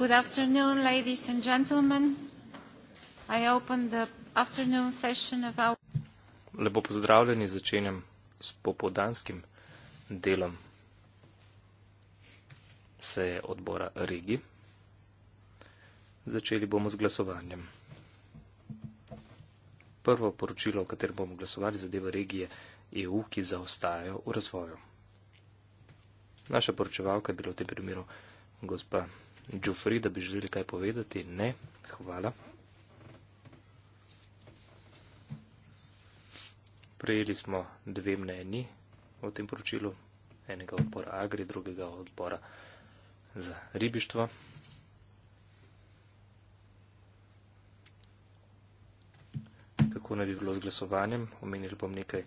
Good afternoon, ladies and gentlemen. I open the afternoon session of our- Lepo pozdravljeni, začenjam s popoldanskim delom seje odbora Regi. Začeli bomo z glasovanjem. Prvo poročilo, o katerem bomo glasovali, zadeva regije EU, ki zaostajajo v razvoju. Naša poročevalka je bila v tem primeru gospa Džufri, da bi želeli kaj povedati? Ne, hvala. Prejeli smo dve mneni o tem poročilu, enega odbora Agri, drugega odbora za ribištvo. Kako naj bi bilo z glasovanjem? Omenili bom nekaj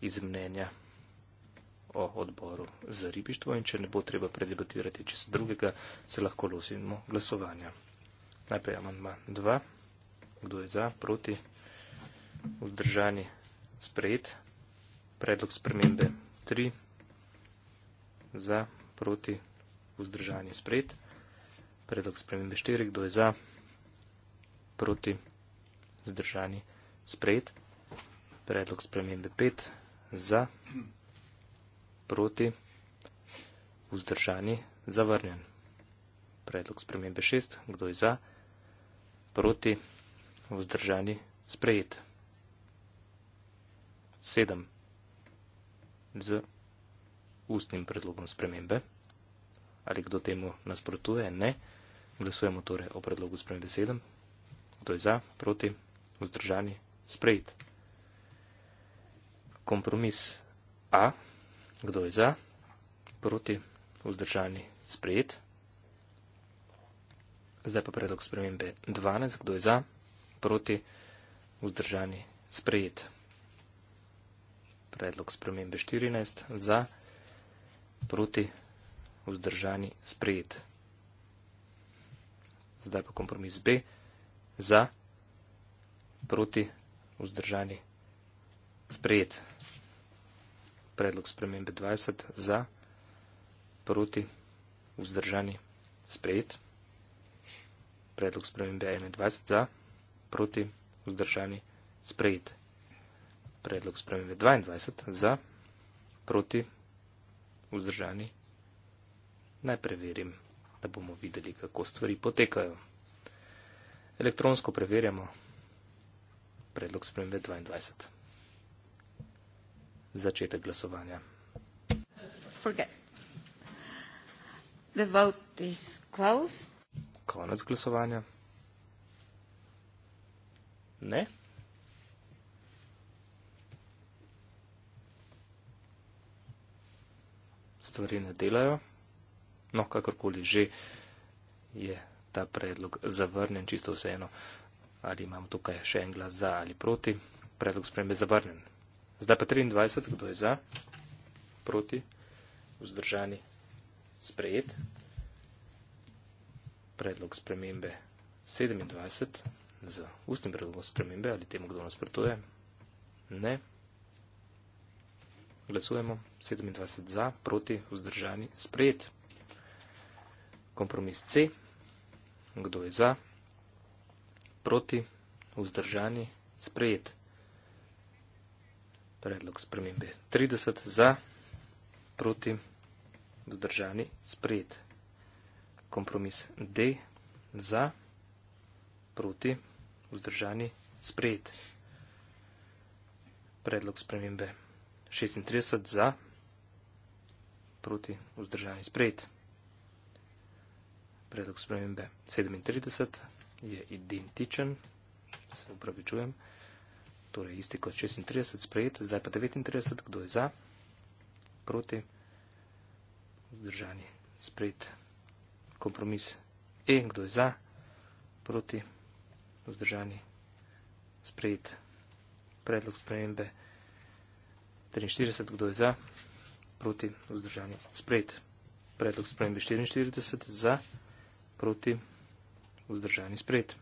iz mnenja o odboru za ribištvo in če ne bo treba predebatirati čez drugega, se lahko losimo glasovanja. Najprej amandma 2. Kdo je za, proti, vzdržani, sprejet. Predlog spremembe 3. Za, proti, vzdržani, sprejet. Predlog spremembe 4. Kdo je za, proti, vzdržani, sprejet. Predlog spremembe 5. Za, proti, vzdržani, sprejet proti, vzdržani, zavrnjen. Predlog spremembe 6, kdo je za, proti, vzdržani, sprejet. 7. Z ustnim predlogom spremembe. Ali kdo temu nasprotuje? Ne. Glasujemo torej o predlogu spremembe 7. Kdo je za, proti, vzdržani, sprejet. Kompromis A. Kdo je za? Proti? Vzdržani? Sprejet? Zdaj pa predlog spremembe 12. Kdo je za? Proti? Vzdržani? Sprejet? Predlog spremembe 14. Za? Proti? Vzdržani? Sprejet? Zdaj pa kompromis B. Za? Proti? Vzdržani? Sprejet? Sprejet? predlog spremembe 20 za, proti, vzdržani, sprejet. Predlog spremembe 21 za, proti, vzdržani, sprejet. Predlog spremembe 22 za, proti, vzdržani. Naj preverim, da bomo videli, kako stvari potekajo. Elektronsko preverjamo predlog spremembe 22 začetek glasovanja. Forget. The vote is closed. Konec glasovanja. Ne. Stvari ne delajo. No, kakorkoli že je ta predlog zavrnen, čisto vseeno, ali imamo tukaj še en glas za ali proti, predlog spremembe zavrnen. Zdaj pa 23, kdo je za, proti, vzdržani, sprejet. Predlog spremembe 27 z ustnim predlogom spremembe ali temu, kdo nasprotuje. Ne. Glasujemo 27 za, proti, vzdržani, sprejet. Kompromis C. Kdo je za? Proti, vzdržani, sprejet predlog spremembe. 30 za, proti, vzdržani, sprejet. Kompromis D, za, proti, vzdržani, sprejet. Predlog spremembe 36 za, proti, vzdržani, sprejet. Predlog spremembe 37 je identičen, se upravičujem torej isti kot 36, sprejet, zdaj pa 39, kdo je za, proti, vzdržani, sprejet, kompromis E, kdo je za, proti, vzdržani, sprejet, predlog spremembe 43, kdo je za, proti, vzdržani, sprejet, predlog spremembe 44, za, proti, vzdržani, sprejet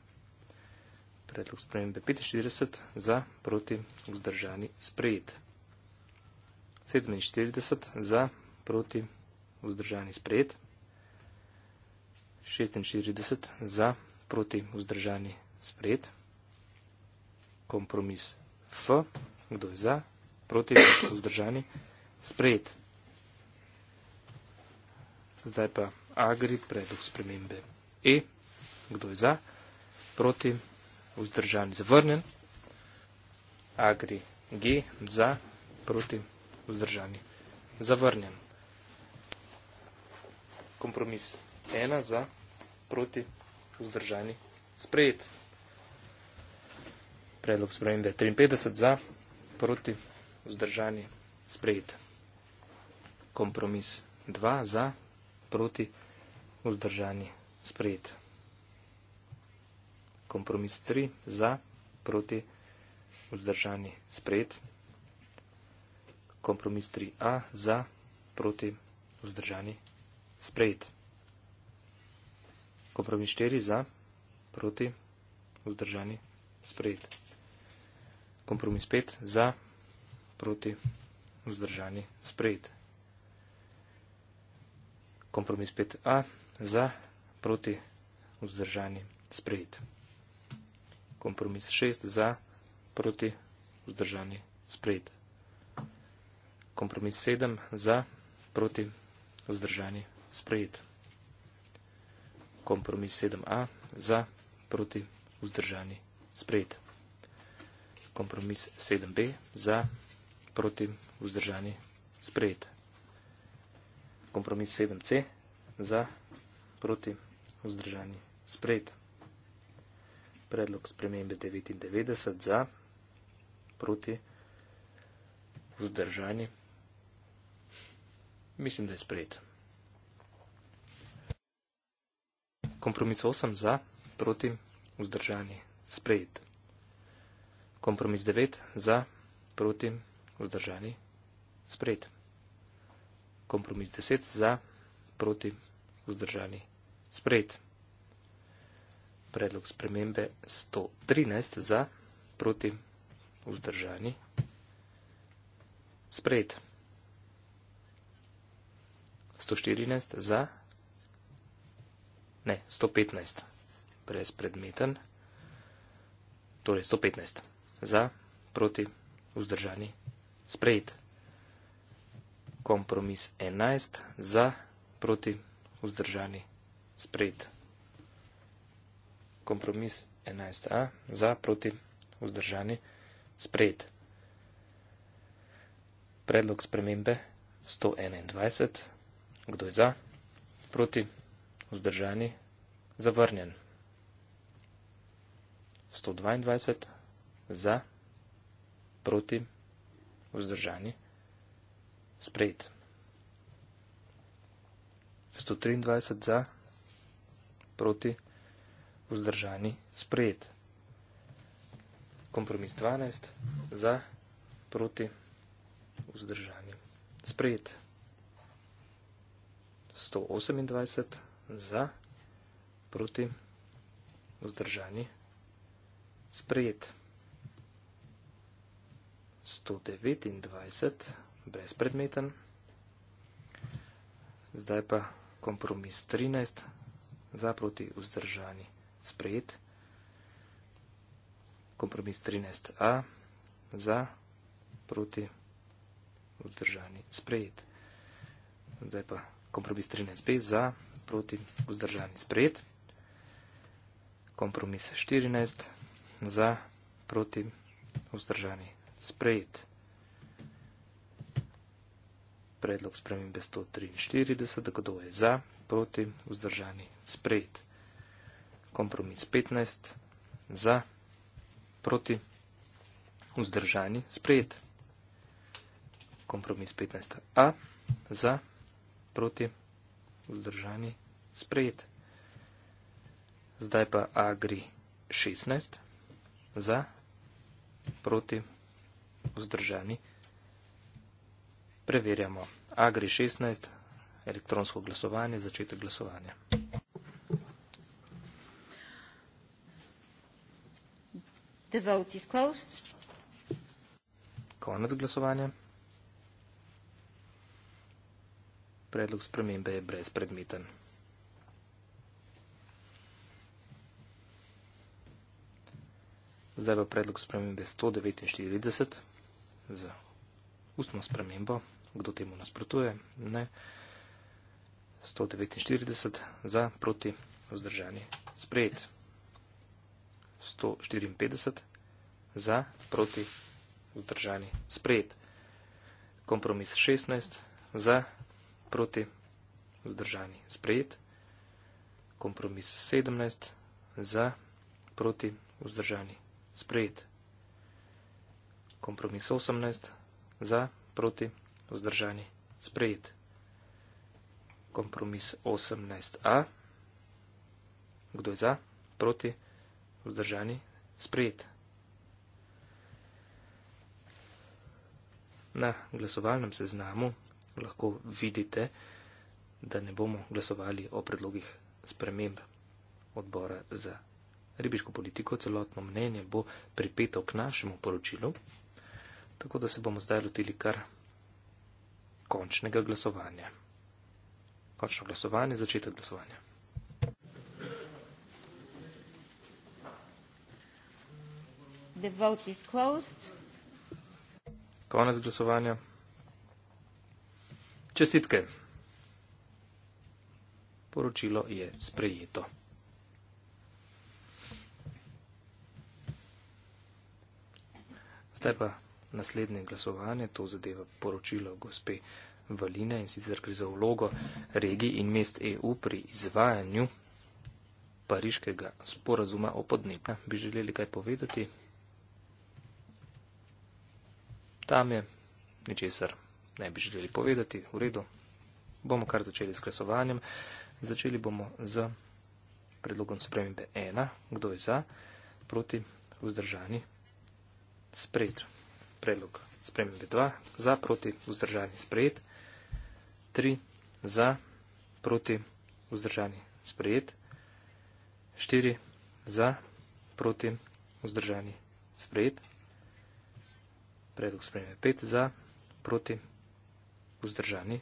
predlog spremembe 45 za proti vzdržani sprejet. 47 za proti vzdržani sprejet. 46 za proti vzdržani sprejet. Kompromis F. Kdo je za? Proti vzdržani sprejet. Zdaj pa agri predlog spremembe E. Kdo je za? Proti vzdržani sprejet vzdržan, zavrnen, agri, g, za, proti, vzdržan, zavrnen. Kompromis ena, za, proti, vzdržan, sprejet. Predlog spremembe 53, za, proti, vzdržan, sprejet. Kompromis 2 za, proti, vzdržanje, sprejeti kompromis 3 za, proti, vzdržani, sprejet. Kompromis 3a za, proti, vzdržani, sprejet. Kompromis 4 za, proti, vzdržani, sprejet. Kompromis 5 za, proti, vzdržani, sprejet. Kompromis 5a za, proti, vzdržani, sprejet kompromis 6 za, proti, vzdržani, sprejet. Kompromis 7 za, proti, vzdržani, sprejet. Kompromis 7a za, proti, vzdržani, sprejet. Kompromis 7b za, proti, vzdržani, sprejet. Kompromis 7c za, proti, vzdržani, sprejet predlog spremembe 99 za, proti, vzdržani. Mislim, da je sprejet. Kompromis 8 za, proti, vzdržani, sprejet. Kompromis 9 za, proti, vzdržani, sprejet. Kompromis 10 za, proti, vzdržani, sprejet predlog spremembe 113 za proti vzdržani sprejet. 114 za ne, 115 brez predmeten, torej 115 za proti vzdržani sprejet. Kompromis 11 za proti vzdržani sprejet kompromis 11a za proti vzdržani sprejet. Predlog spremembe 121. Kdo je za? Proti vzdržani zavrnjen. 122. Za proti vzdržani sprejet. 123 za, proti vzdržani sprejet vzdržani sprejet. Kompromis 12 za proti vzdržani sprejet. 128 za proti vzdržani sprejet. 129 brezpredmeten. Zdaj pa kompromis 13 za proti vzdržani sprejet sprejet. Kompromis 13a za, proti, vzdržani, sprejet. Zdaj pa kompromis 13b za, proti, vzdržani, sprejet. Kompromis 14 za, proti, vzdržani, sprejet. Predlog spremembe 143, kdo je za, proti, vzdržani, sprejet kompromis 15, za, proti, vzdržani, sprejet. Kompromis 15 A, za, proti, vzdržani, sprejet. Zdaj pa A gre 16, za, proti, vzdržani, preverjamo. A gre 16, elektronsko glasovanje, začetek glasovanja. The vote is closed. Konec glasovanja. Predlog spremembe je brezpredmeten. Zdaj bo predlog spremembe 149 z ustno spremembo. Kdo temu nasprotuje? Ne. 149 za proti vzdržanje sprejeti. 154 za, proti, vzdržani, sprejet. Kompromis 16 za, proti, vzdržani, sprejet. Kompromis 17 za, proti, vzdržani, sprejet. Kompromis 18 za, proti, vzdržani, sprejet. Kompromis 18a. Kdo je za? Proti vzdržani, sprejet. Na glasovalnem seznamu lahko vidite, da ne bomo glasovali o predlogih sprememb odbora za ribiško politiko. Celotno mnenje bo pripeto k našemu poročilu, tako da se bomo zdaj lotili kar končnega glasovanja. Končno glasovanje, začetek glasovanja. The vote is closed. Konec glasovanja. Čestitke. Poročilo je sprejeto. Zdaj pa naslednje glasovanje, to zadeva poročilo gospe Valine in sicer gre za vlogo regij in mest EU pri izvajanju pariškega sporazuma o podnebju. Bi želeli kaj povedati? Tam je ničesar ne bi želeli povedati, v redu. Bomo kar začeli s glasovanjem. Začeli bomo z predlogom spremembe 1. Kdo je za? Proti? Vzdržani? Sprejet. Predlog spremembe 2. Za? Proti? Vzdržani? Sprejet. 3. Za? Proti? Vzdržani? Sprejet. 4. Za? Proti? Vzdržani? Sprejet predlog spremljene 5 za, proti, vzdržani.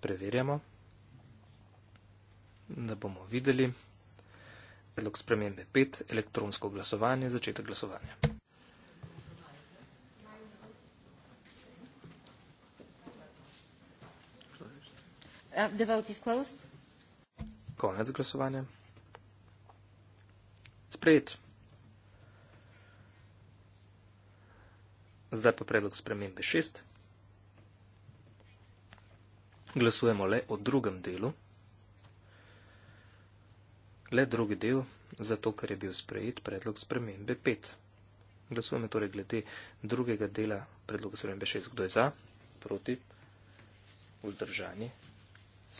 Preverjamo, da bomo videli predlog spremembe 5, elektronsko glasovanje, začetek glasovanja. Uh, Konec glasovanja. Sprejet. Zdaj pa predlog spremembe 6. Glasujemo le o drugem delu. Le drugi del, zato ker je bil sprejet predlog spremembe 5. Glasujemo torej glede drugega dela predloga spremembe 6. Kdo je za? Proti? Vzdržanje?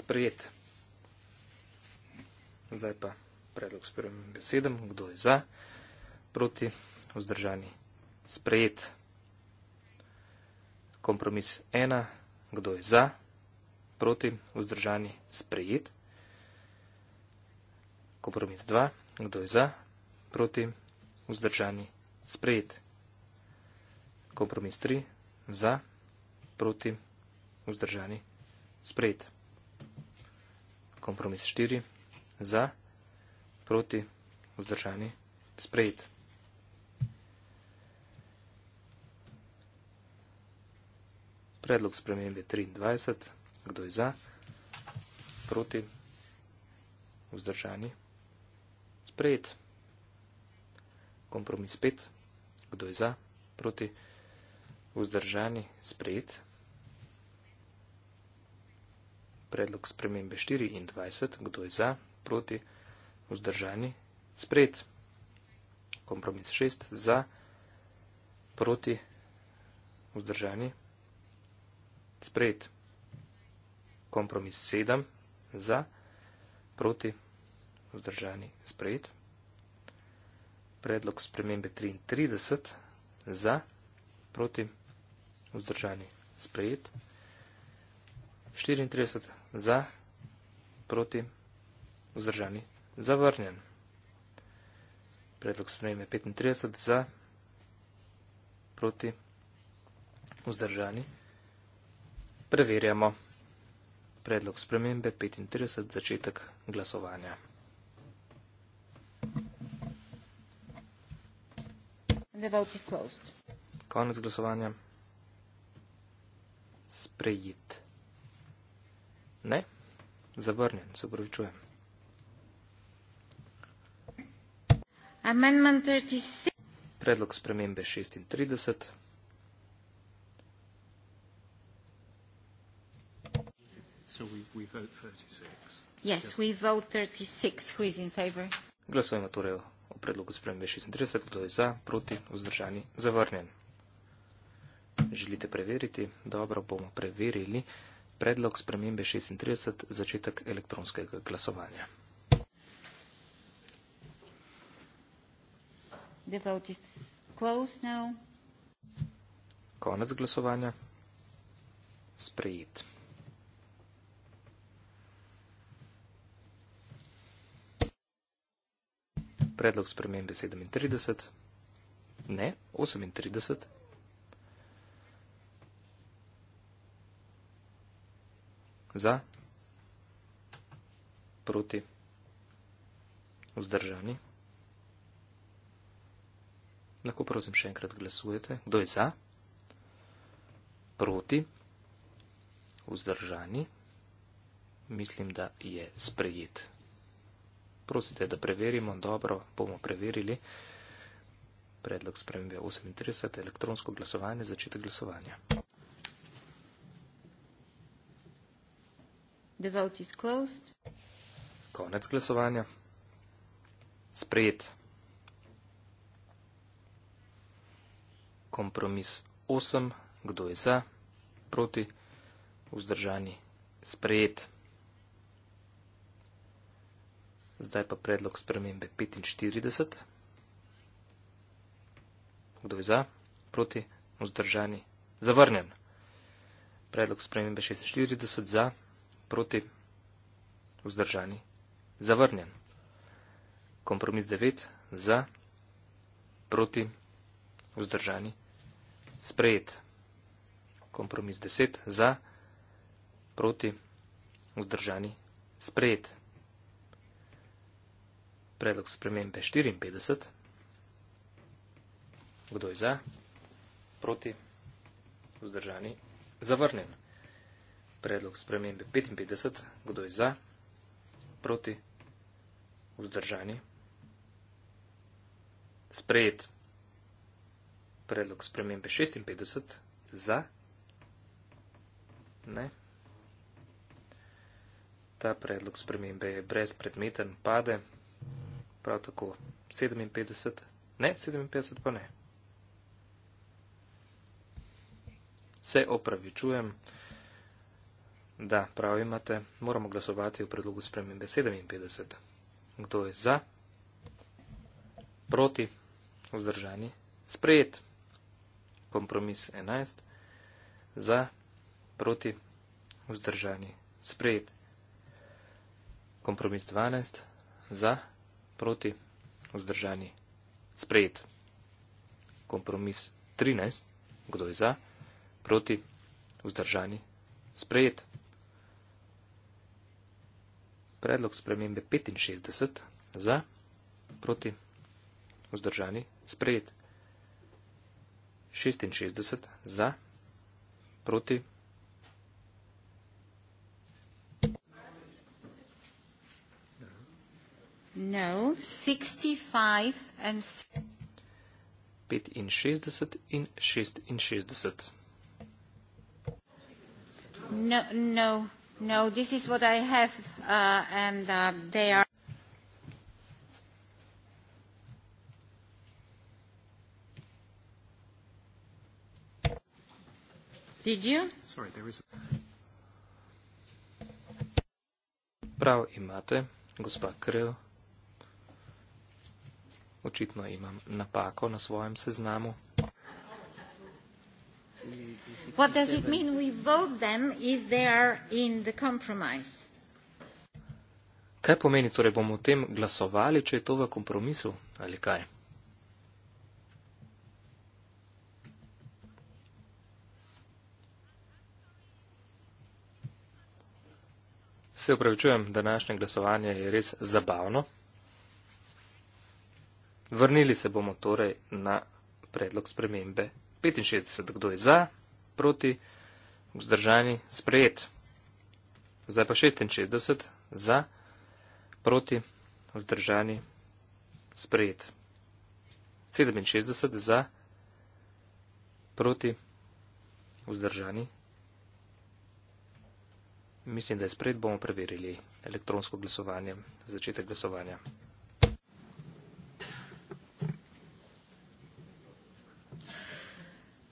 Sprejet. Zdaj pa predlog spremembe 7. Kdo je za? Proti? Vzdržanje? Sprejet kompromis 1, kdo je za, proti, vzdržani, sprejet. Kompromis 2, kdo je za, proti, vzdržani, sprejet. Kompromis 3, za, proti, vzdržani, sprejet. Kompromis 4, za, proti, vzdržani, sprejet. Predlog spremembe 23. Kdo je za? Proti? Vzdržani? Sprejet. Kompromis 5. Kdo je za? Proti? Vzdržani? Sprejet. Predlog spremembe 24. Kdo je za? Proti? Vzdržani? Sprejet. Kompromis 6. Za? Proti? Vzdržani? Sprejet sprejet. Kompromis 7 za, proti, vzdržani sprejet. Predlog spremembe 33 za, proti, vzdržani sprejet. 34 za, proti, vzdržani zavrnjen. Predlog spremembe 35 za, proti, vzdržani sprejet. Preverjamo. Predlog spremembe 35. Začetek glasovanja. Konec glasovanja. Sprejit. Ne? Zavrnjen. Se upravičujem. Predlog spremembe 36. So we, we vote 36. Yes, we vote 36. Who is in favor? Glasujemo torej o predlogu spremembe 36, kdo je za, proti, vzdržani, zavrnjen. Želite preveriti? Dobro, bomo preverili. Predlog spremembe 36, začetek elektronskega glasovanja. The vote is closed now. Konec glasovanja. Sprejet. predlog spremembe 37, ne 38. Za, proti, vzdržani. Lahko prosim še enkrat glasujete. Kdo je za? Proti, vzdržani. Mislim, da je sprejet prosite, da preverimo, dobro bomo preverili. Predlog spremembe 38, elektronsko glasovanje, začetek glasovanja. The vote is closed. Konec glasovanja. Sprejet. Kompromis 8. Kdo je za? Proti? Vzdržani? Sprejet. Zdaj pa predlog spremembe 45. Kdo je za? Proti? Vzdržani? Zavrnjen. Predlog spremembe 46. Za? Proti? Vzdržani? Zavrnjen. Kompromis 9. Za? Proti? Vzdržani? Sprejet. Kompromis 10. Za? Proti? Vzdržani? Sprejet predlog spremembe 54. Kdo je za? Proti? Vzdržani? Zavrnen. Predlog spremembe 55. Kdo je za? Proti? Vzdržani? Sprejet. Predlog spremembe 56. Za? Ne. Ta predlog spremembe je brezpredmeten, pade prav tako 57, ne 57 pa ne. Se opravičujem, da prav imate, moramo glasovati o predlogu spremembe 57. Kdo je za? Proti? Vzdržani? Sprejet? Kompromis 11. Za? Proti? Vzdržani? Sprejet? Kompromis 12. Za? proti, vzdržani, sprejet. Kompromis 13, kdo je za, proti, vzdržani, sprejet. Predlog spremembe 65, za, proti, vzdržani, sprejet. 66, za, proti, vzdržani, sprejet. No, 65 in 66. No, no, no, this is what I have, uh, and uh, they are. Did you? Sorry, there is. Prav imate, gospa Krill. Očitno imam napako na svojem seznamu. What does it mean we vote them if they are in the compromise? Kaj pomeni torej bomo o tem glasovali, če je to v kompromisu ali kaj? Se upravičujem, današnje glasovanje je res zabavno. Vrnili se bomo torej na predlog spremembe 65. Kdo je za, proti, vzdržani, sprejet. Zdaj pa 66. Za, proti, vzdržani, sprejet. 67. Za, proti, vzdržani. Mislim, da je sprejet, bomo preverili elektronsko glasovanje, začetek glasovanja.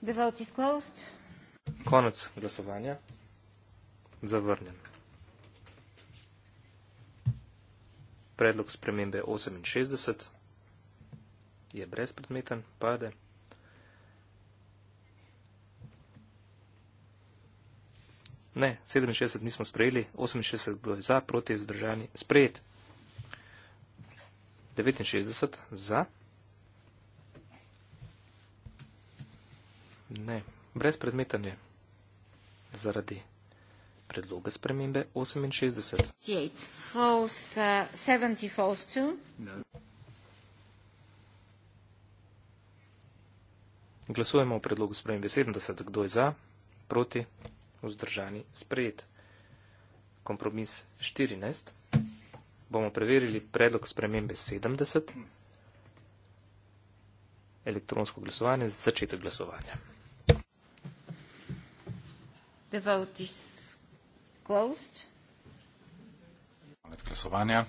The vote is closed. Konec glasovanja. Zavrnjen. Predlog spremembe 68 je brezpredmeten, pade. Ne, 67 nismo sprejeli, 68 bilo je za, proti vzdržani, sprejet. 69 za. Ne, brez predmetanja. Zaradi predloga spremembe 68. 68. False, uh, 70 false 2. No. Glasujemo o predlogu spremembe 70. Kdo je za? Proti? Vzdržani? Sprejet. Kompromis 14. Bomo preverili predlog spremembe 70. Elektronsko glasovanje za začetek glasovanja. The vote is closed. Glasovanje.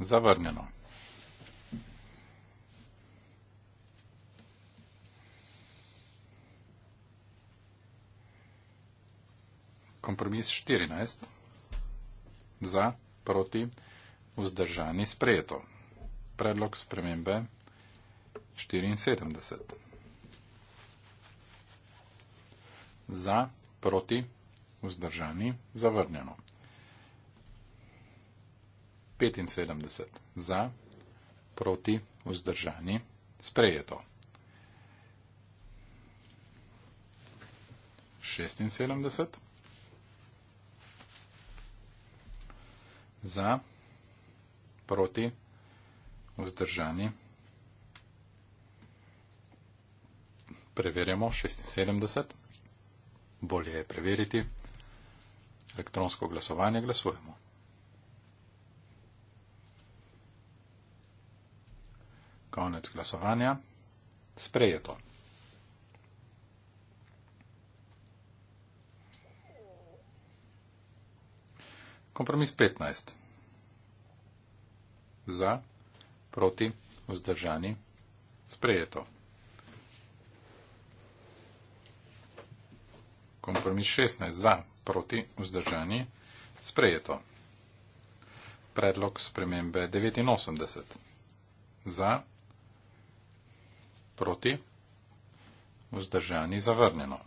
Zavrnjeno. Kompromis 14 za, proti vzdržani sprejeto. Predlog spremembe 74. Za, proti, vzdržani, zavrnjeno. 75. Za, proti, vzdržani, sprejeto. 76. Za, proti, vzdržani, sprejeto proti, vzdržani. Preverjamo 76, bolje je preveriti. Elektronsko glasovanje glasujemo. Konec glasovanja. Sprejeto. Kompromis 15 za, proti, vzdržani, sprejeto. Kompromis 16 za, proti, vzdržani, sprejeto. Predlog spremembe 89 za, proti, vzdržani, zavrnjeno.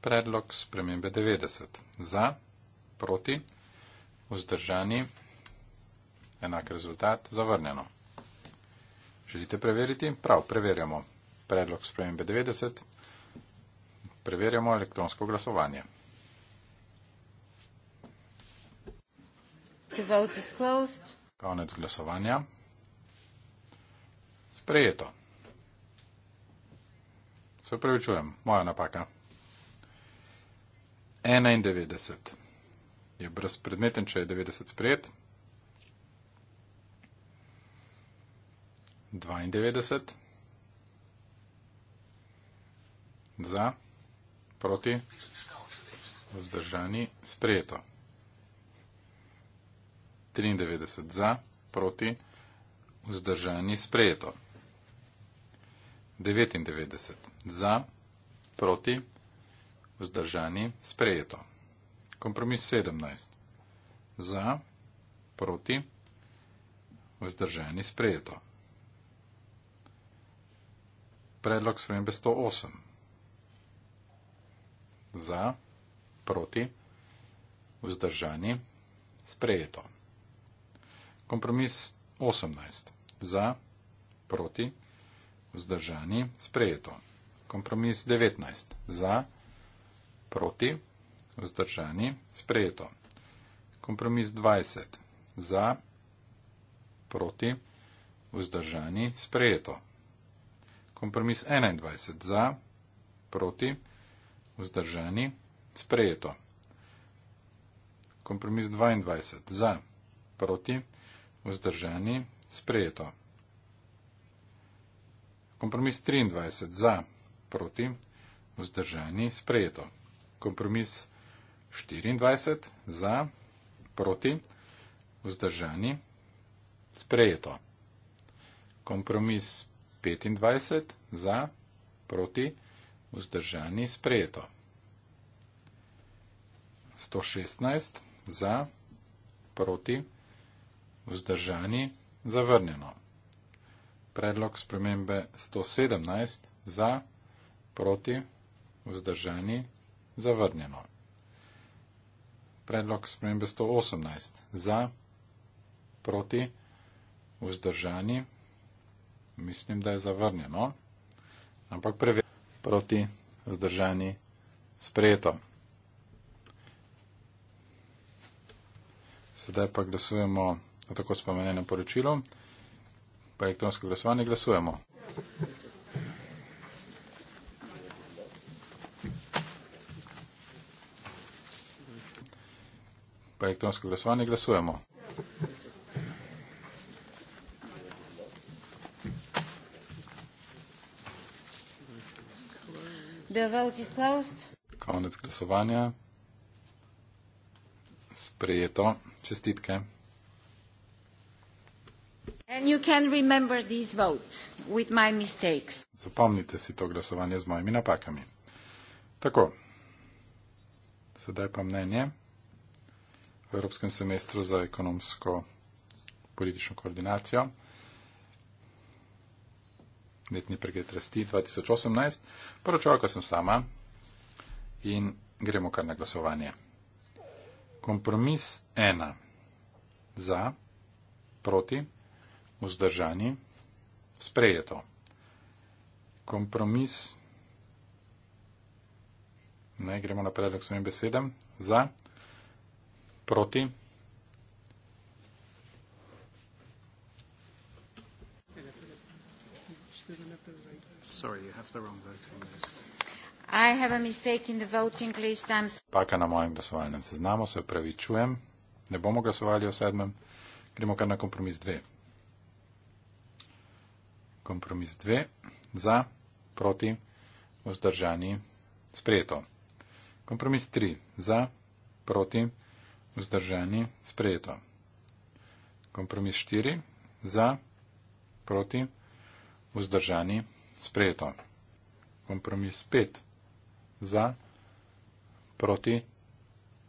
Predlog spremembe 90 za, proti, vzdržani, zavrnjeno enak rezultat, zavrnjeno. Želite preveriti? Prav, preverjamo. Predlog spremembe 90. Preverjamo elektronsko glasovanje. Konec glasovanja. Sprejeto. Se upravičujem, moja napaka. 91 je brezpredmeten, če je 90 sprejet. 92. Za, proti, vzdržani, sprejeto. 93 za, proti, vzdržani, sprejeto. 99 za, proti, vzdržani, sprejeto. Kompromis 17. Za, proti, vzdržani, sprejeto predlog spremembe 108. Za, proti, vzdržani, sprejeto. Kompromis 18. Za, proti, vzdržani, sprejeto. Kompromis 19. Za, proti, vzdržani, sprejeto. Kompromis 20. Za, proti, vzdržani, sprejeto kompromis 21 za, proti, vzdržani, sprejeto. Kompromis 22 za, proti, vzdržani, sprejeto. Kompromis 23 za, proti, vzdržani, sprejeto. Kompromis 24 za, proti, vzdržani, sprejeto. Kompromis 25 za, proti, vzdržani, sprejeto. 116 za, proti, vzdržani, zavrnjeno. Predlog spremembe 117 za, proti, vzdržani, zavrnjeno. Predlog spremembe 118 za, proti, vzdržani, zavrnjeno mislim, da je zavrnjeno, ampak preverjeno proti zdržani sprejeto. Sedaj pa glasujemo o tako spomenjenem poročilu, pa elektronsko glasovanje glasujemo. Pa elektronsko glasovanje glasujemo. The vote is closed. Konec glasovanja. Sprejeto. Čestitke. And you can remember this vote with my mistakes. Zapomnite si to glasovanje z mojimi napakami. Tako. Sedaj pa mnenje v Evropskem semestru za ekonomsko politično koordinacijo letni pregled rasti 2018, poročalka sem sama in gremo kar na glasovanje. Kompromis 1. Za, proti, vzdržani, sprejeto. Kompromis. Ne, gremo na predlog s mojim besedem. Za, proti, vzdržani. sorry, you have the wrong voting list. I have a mistake in the voting list. I'm Paka na mojem glasovalnem seznamu, se upravičujem. Ne bomo glasovali o sedmem. Gremo kar na kompromis dve. Kompromis dve. Za, proti, vzdržani, sprejeto. Kompromis tri. Za, proti, vzdržani, sprejeto. Kompromis štiri. Za, proti, vzdržani, sprejeto sprejeto. Kompromis 5 za, proti,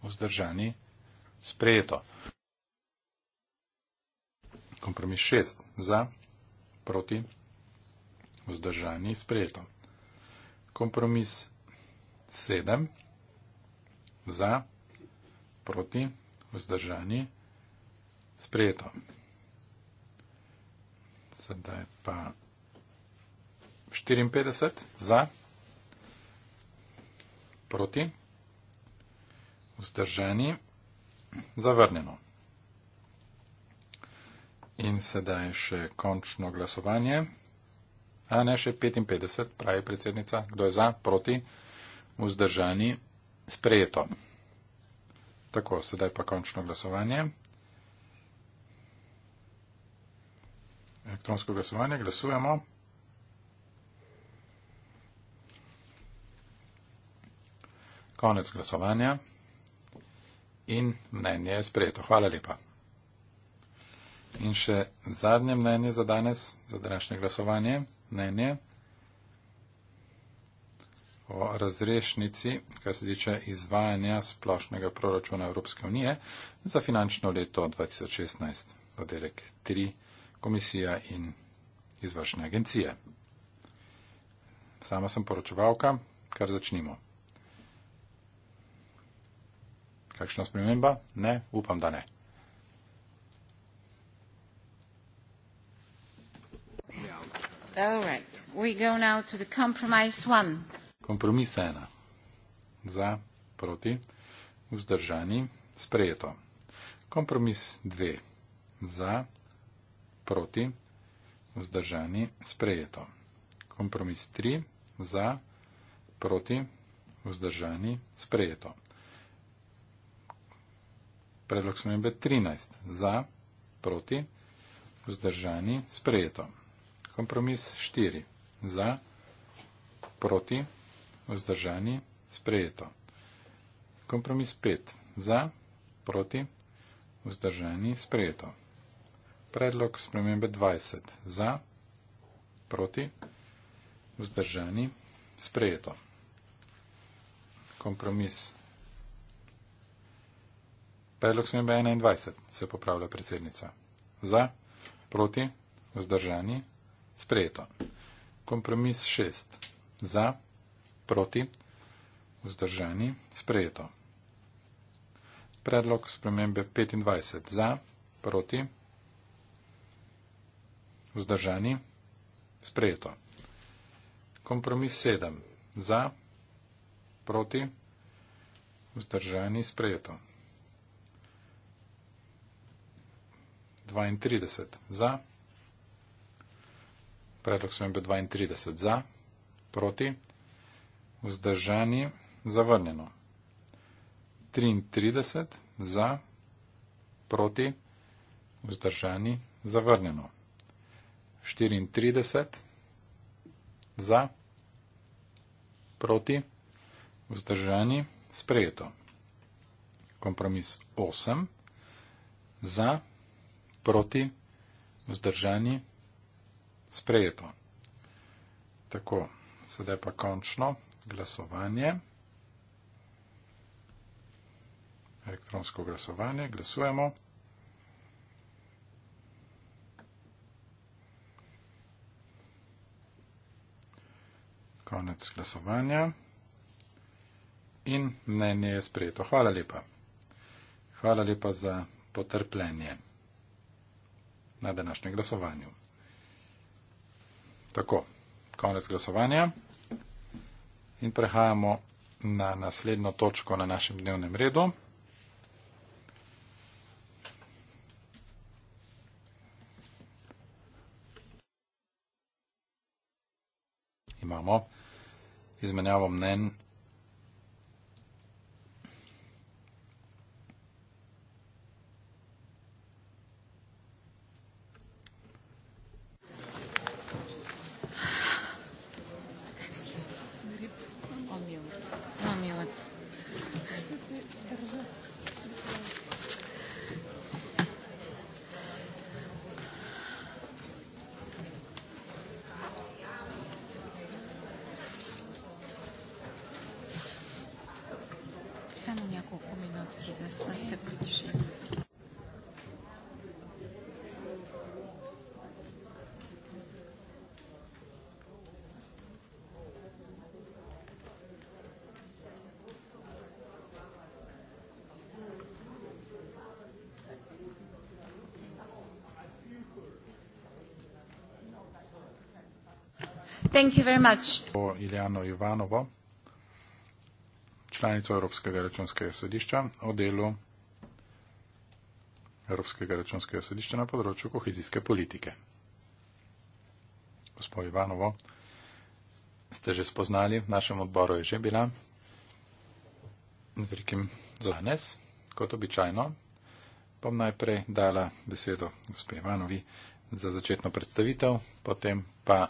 vzdržani, sprejeto. Kompromis 6 za, proti, vzdržani, sprejeto. Kompromis 7 za, proti, vzdržani, sprejeto. Sedaj pa. 54 za, proti, vzdržani, zavrnjeno. In sedaj še končno glasovanje. A ne, še 55, pravi predsednica. Kdo je za, proti, vzdržani, sprejeto. Tako, sedaj pa končno glasovanje. Elektronsko glasovanje, glasujemo. Konec glasovanja in mnenje je sprejeto. Hvala lepa. In še zadnje mnenje za danes, za današnje glasovanje. Mnenje o razrešnici, kar se tiče izvajanja splošnega proračuna Evropske unije za finančno leto 2016, oddelek 3, komisija in izvršne agencije. Sama sem poročevalka, kar začnimo. Kakšna sprememba? Ne, upam, da ne. Kompromis ena. Za, proti, vzdržani, sprejeto. Kompromis dve. Za, proti, vzdržani, sprejeto. Kompromis tri. Za, proti, vzdržani, sprejeto. Predlog smembe 13. Za, proti, vzdržani, sprejeto. Kompromis 4. Za, proti, vzdržani, sprejeto. Kompromis 5. Za, proti, vzdržani, sprejeto. Predlog spremembe 20. Za, proti, vzdržani, sprejeto. Kompromis Predlog smembe 21 se popravlja predsednica. Za, proti, vzdržani, sprejeto. Kompromis 6. Za, proti, vzdržani, sprejeto. Predlog spremembe 25. Za, proti, vzdržani, sprejeto. Kompromis 7. Za, proti, vzdržani, sprejeto. 32 za, predlog spremembe 32 za, proti, vzdržani zavrnjeno. 33 za, proti, vzdržani zavrnjeno. 34 za, proti, vzdržani sprejeto. Kompromis 8 za, proti, proti, vzdržani, sprejeto. Tako, sedaj pa končno glasovanje. Elektronsko glasovanje, glasujemo. Konec glasovanja. In mnenje je sprejeto. Hvala lepa. Hvala lepa za potrpljenje na današnjem glasovanju. Tako, konec glasovanja in prehajamo na naslednjo točko na našem dnevnem redu. Imamo izmenjavo mnen Thank you very much. Bo Iljano Ivanovo, članico Evropskega računskega sodišča o delu Evropskega računskega sodišča na področju kohezijske politike. Gospod Ivanovo, ste že spoznali, v našem odboru je že bila velikim zlanes, kot običajno. Bom najprej dala besedo gospod Ivanovi za začetno predstavitev, potem pa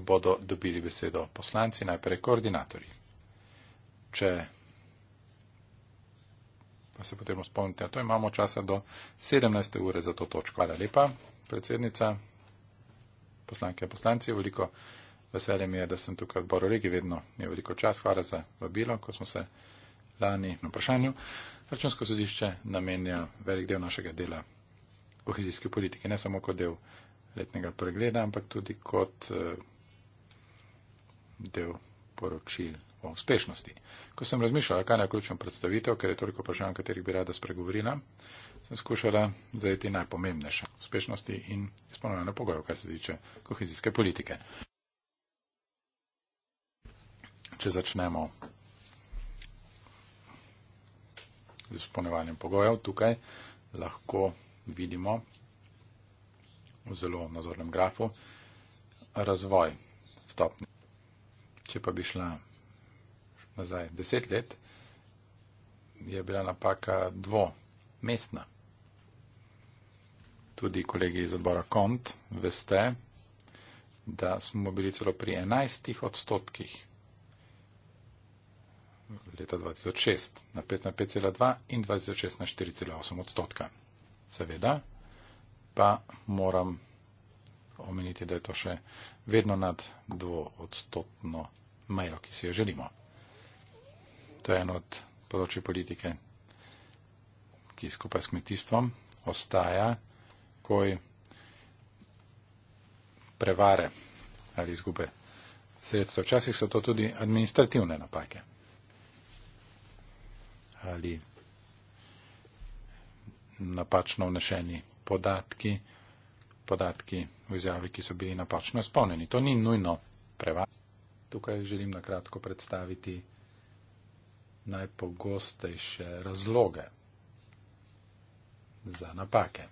bodo dobili besedo poslanci, najprej koordinatorji. Če pa se potem spomnite, to imamo časa do 17. ure za to točko. Hvala lepa, predsednica, poslanke in poslanci. Veliko veselje mi je, da sem tukaj v Borolegi, vedno mi je veliko čas. Hvala za vabilo, ko smo se lani na vprašanju. Računsko sodišče namenja velik del našega dela kohezijske politike, ne samo kot del letnega pregleda, ampak tudi kot. Uh, del poročil o uspešnosti. Ko sem razmišljala, kaj naj vključim predstavitev, ker je toliko vprašanj, o katerih bi rada spregovorila, sem skušala zajeti najpomembnejše uspešnosti in izpolnjena pogojev, kar se tiče kohezijske politike. Če začnemo z izpolnjevanjem pogojev, tukaj lahko vidimo v zelo nazornem grafu razvoj stopni Če pa bi šla nazaj deset let, je bila napaka dvomestna. Tudi kolegi iz odbora KONT veste, da smo bili celo pri enajstih odstotkih leta 2006 na 5 na 5,2 in 2006 na 4,8 odstotka. Seveda pa moram omeniti, da je to še vedno nad dvoodstotno mejo, ki si jo želimo. To je eno od področji politike, ki skupaj s kmetijstvom ostaja, koj prevare ali izgube sredstva. Včasih so to tudi administrativne napake ali napačno vnešeni podatki podatki v izjavi, ki so bili napačno spomneni. To ni nujno prevajanje. Tukaj želim na kratko predstaviti najpogostejše razloge za napake.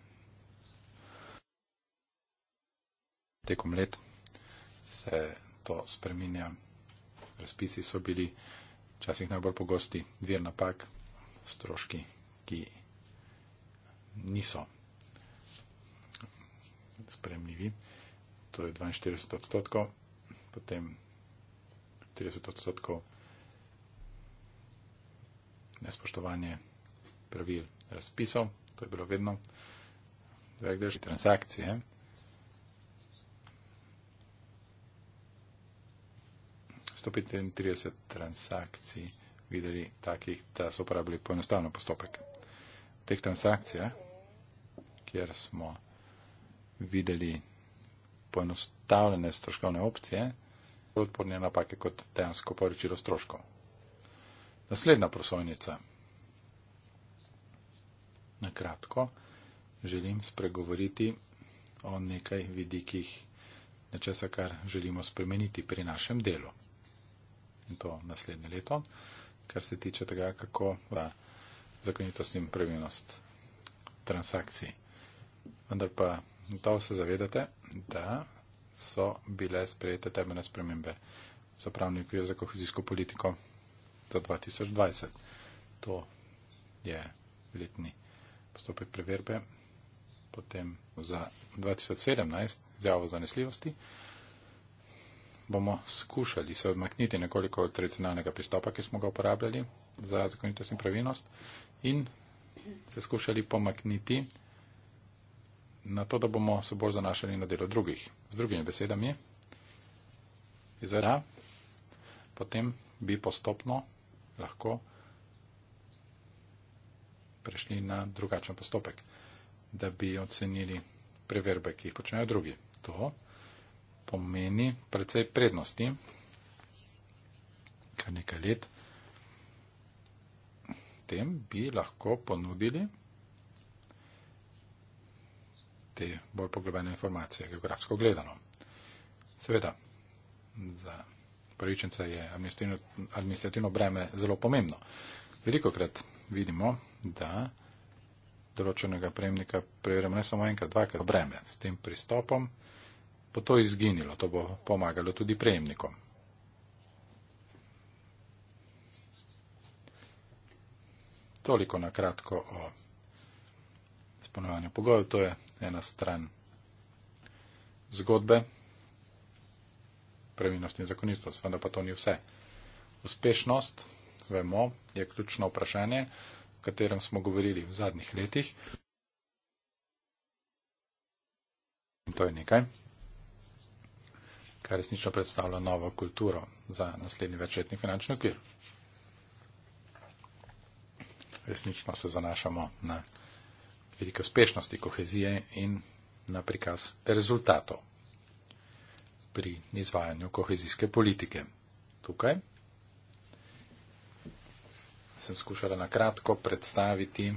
Tekom let se to spreminja. Razpisi so bili včasih najbolj pogosti vir napak, stroški, ki niso spremljivi, to je 42 odstotkov, potem 30 odstotkov nespoštovanje pravil razpisov, to je bilo vedno, dveh držav transakcije. in 30 transakcij videli takih, da so uporabili poenostavno postopek. V teh transakcijah, kjer smo videli poenostavljene stroškovne opcije, bolj odporne napake kot dejansko poročilo stroškov. Naslednja prosojnica. Na kratko želim spregovoriti o nekaj vidikih nečesa, kar želimo spremeniti pri našem delu. In to naslednje leto, kar se tiče tega, kako da zakonitost in pravilnost transakcij. Vendar pa In to se zavedate, da so bile sprejete temeljne spremembe za pravnike za kohezijsko politiko za 2020. To je letni postopek preverbe, potem za 2017 izjavo zanesljivosti bomo skušali se odmakniti nekoliko od tradicionalnega pristopa, ki smo ga uporabljali za zakonitost in pravilnost in se skušali pomakniti na to, da bomo se bolj zanašali na delo drugih. Z drugimi besedami, izvedla, potem bi postopno lahko prešli na drugačen postopek, da bi ocenili preverbe, ki jih počnejo drugi. To pomeni precej prednosti, kar nekaj let, tem bi lahko ponudili dobiti bolj poglobene informacije, geografsko gledano. Seveda, za pravičence je administrativno, administrativno breme zelo pomembno. Veliko krat vidimo, da določenega prejemnika preverjamo ne samo enkrat, dvakrat breme. S tem pristopom bo to izginilo, to bo pomagalo tudi prejemnikom. Toliko na kratko o izpolnjevanju pogojev. To je ena stran zgodbe, previnost in zakonitost, vendar pa to ni vse. Uspešnost, vemo, je ključno vprašanje, o katerem smo govorili v zadnjih letih. In to je nekaj, kar resnično predstavlja novo kulturo za naslednji večletni finančni okvir. Resnično se zanašamo na vidika uspešnosti kohezije in na prikaz rezultatov pri izvajanju kohezijske politike. Tukaj sem skušala na kratko predstaviti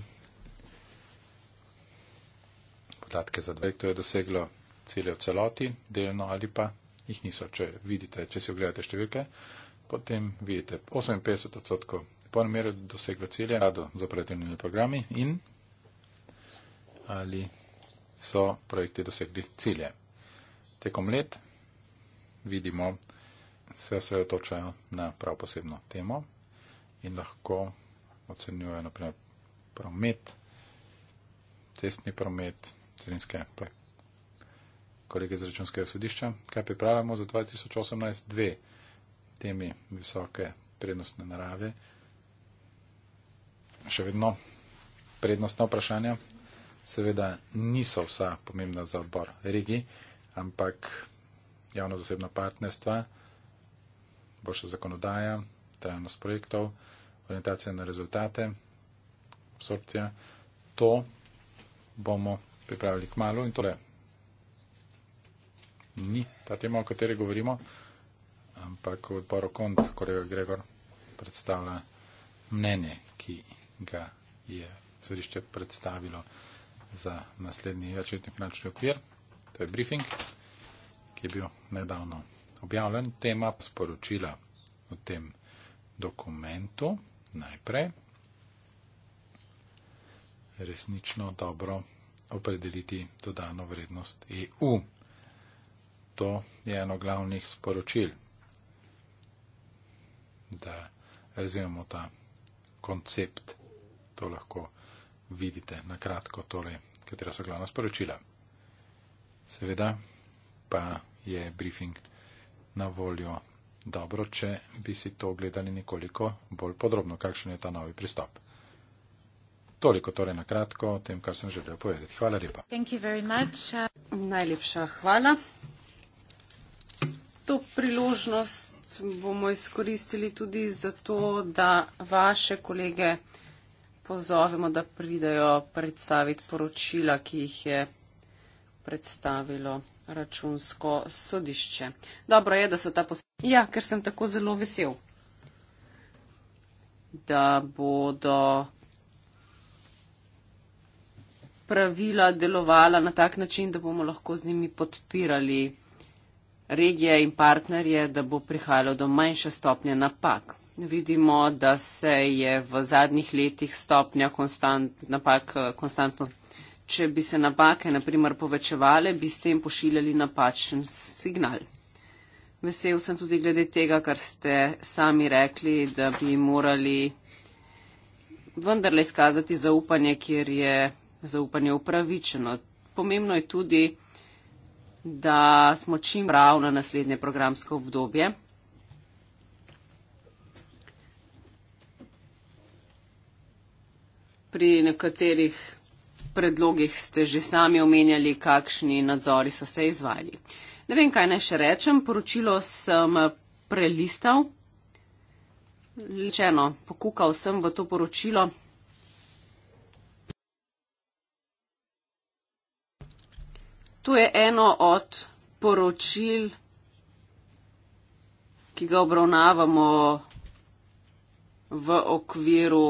podatke za dve, to je doseglo cilje v celoti, delno ali pa jih niso. Če vidite, če si ogledate številke, potem vidite 58 odstotkov po namere doseglo cilje, rado za operativnimi programi in ali so projekti dosegli cilje. Tekom let vidimo, se osredotočajo na prav posebno temo in lahko ocenjujejo naprimer promet, cestni promet, celinske projekte. Kolege iz računskega sodišča, kaj pripravljamo za 2018? Dve temi visoke prednostne narave. Še vedno prednostna vprašanja, seveda niso vsa pomembna za odbor regij, ampak javno-zasebna partnerstva, boljša zakonodaja, trajnost projektov, orientacija na rezultate, absorpcija. To bomo pripravili k malu in torej ni ta tema, o kateri govorimo, ampak v odboru kont, kolega Gregor predstavlja mnenje, ki ga je sodišče predstavilo za naslednji večletni finančni okvir. To je briefing, ki je bil nedavno objavljen. Tema sporočila v tem dokumentu najprej. Resnično dobro opredeliti dodano vrednost EU. To je eno glavnih sporočil, da razvijamo ta koncept. To lahko vidite na kratko, torej, katera so glavna sporočila. Seveda pa je briefing na voljo dobro, če bi si to gledali nekoliko bolj podrobno, kakšen je ta novi pristop. Toliko torej na kratko o tem, kar sem želel povedati. Hvala lepa. Najlepša hvala. To priložnost bomo izkoristili tudi zato, da vaše kolege pozovemo, da pridejo predstaviti poročila, ki jih je predstavilo računsko sodišče. Dobro je, da so ta posebej. Ja, ker sem tako zelo vesel, da bodo pravila delovala na tak način, da bomo lahko z njimi podpirali regije in partnerje, da bo prihajalo do manjše stopnje napak vidimo, da se je v zadnjih letih stopnja konstant, napak eh, konstantno. Če bi se napake, naprimer, povečevale, bi s tem pošiljali napačen signal. Vesel sem tudi glede tega, kar ste sami rekli, da bi morali vendarle izkazati zaupanje, kjer je zaupanje upravičeno. Pomembno je tudi, da smo čim ravno naslednje programsko obdobje. pri nekaterih predlogih ste že sami omenjali, kakšni nadzori so se izvajali. Ne vem, kaj naj še rečem, poročilo sem prelistal, ličeno, pokukal sem v to poročilo. To je eno od poročil, ki ga obravnavamo v okviru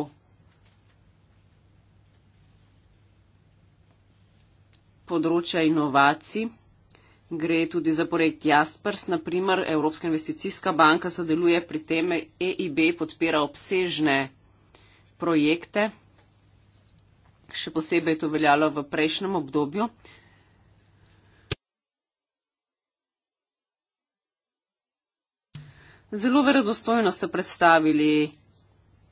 področja inovacij. Gre tudi za projekt Jaspers, naprimer Evropska investicijska banka sodeluje pri tem, EIB podpira obsežne projekte, še posebej je to veljalo v prejšnjem obdobju. Zelo verodostojno ste predstavili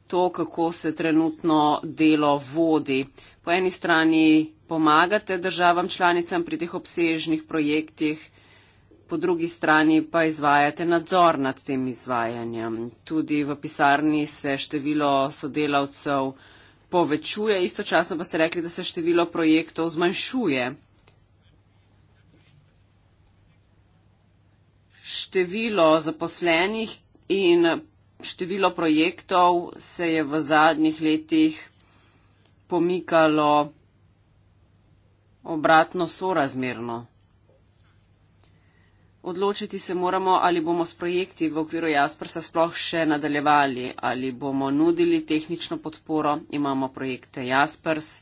to, kako se trenutno delo vodi. Po eni strani pomagate državam članicam pri teh obsežnih projektih, po drugi strani pa izvajate nadzor nad tem izvajanjem. Tudi v pisarni se število sodelavcev povečuje, istočasno pa ste rekli, da se število projektov zmanjšuje. Število zaposlenih in število projektov se je v zadnjih letih pomikalo obratno sorazmerno. Odločiti se moramo, ali bomo s projekti v okviru Jaspersa sploh še nadaljevali, ali bomo nudili tehnično podporo, imamo projekte Jaspers,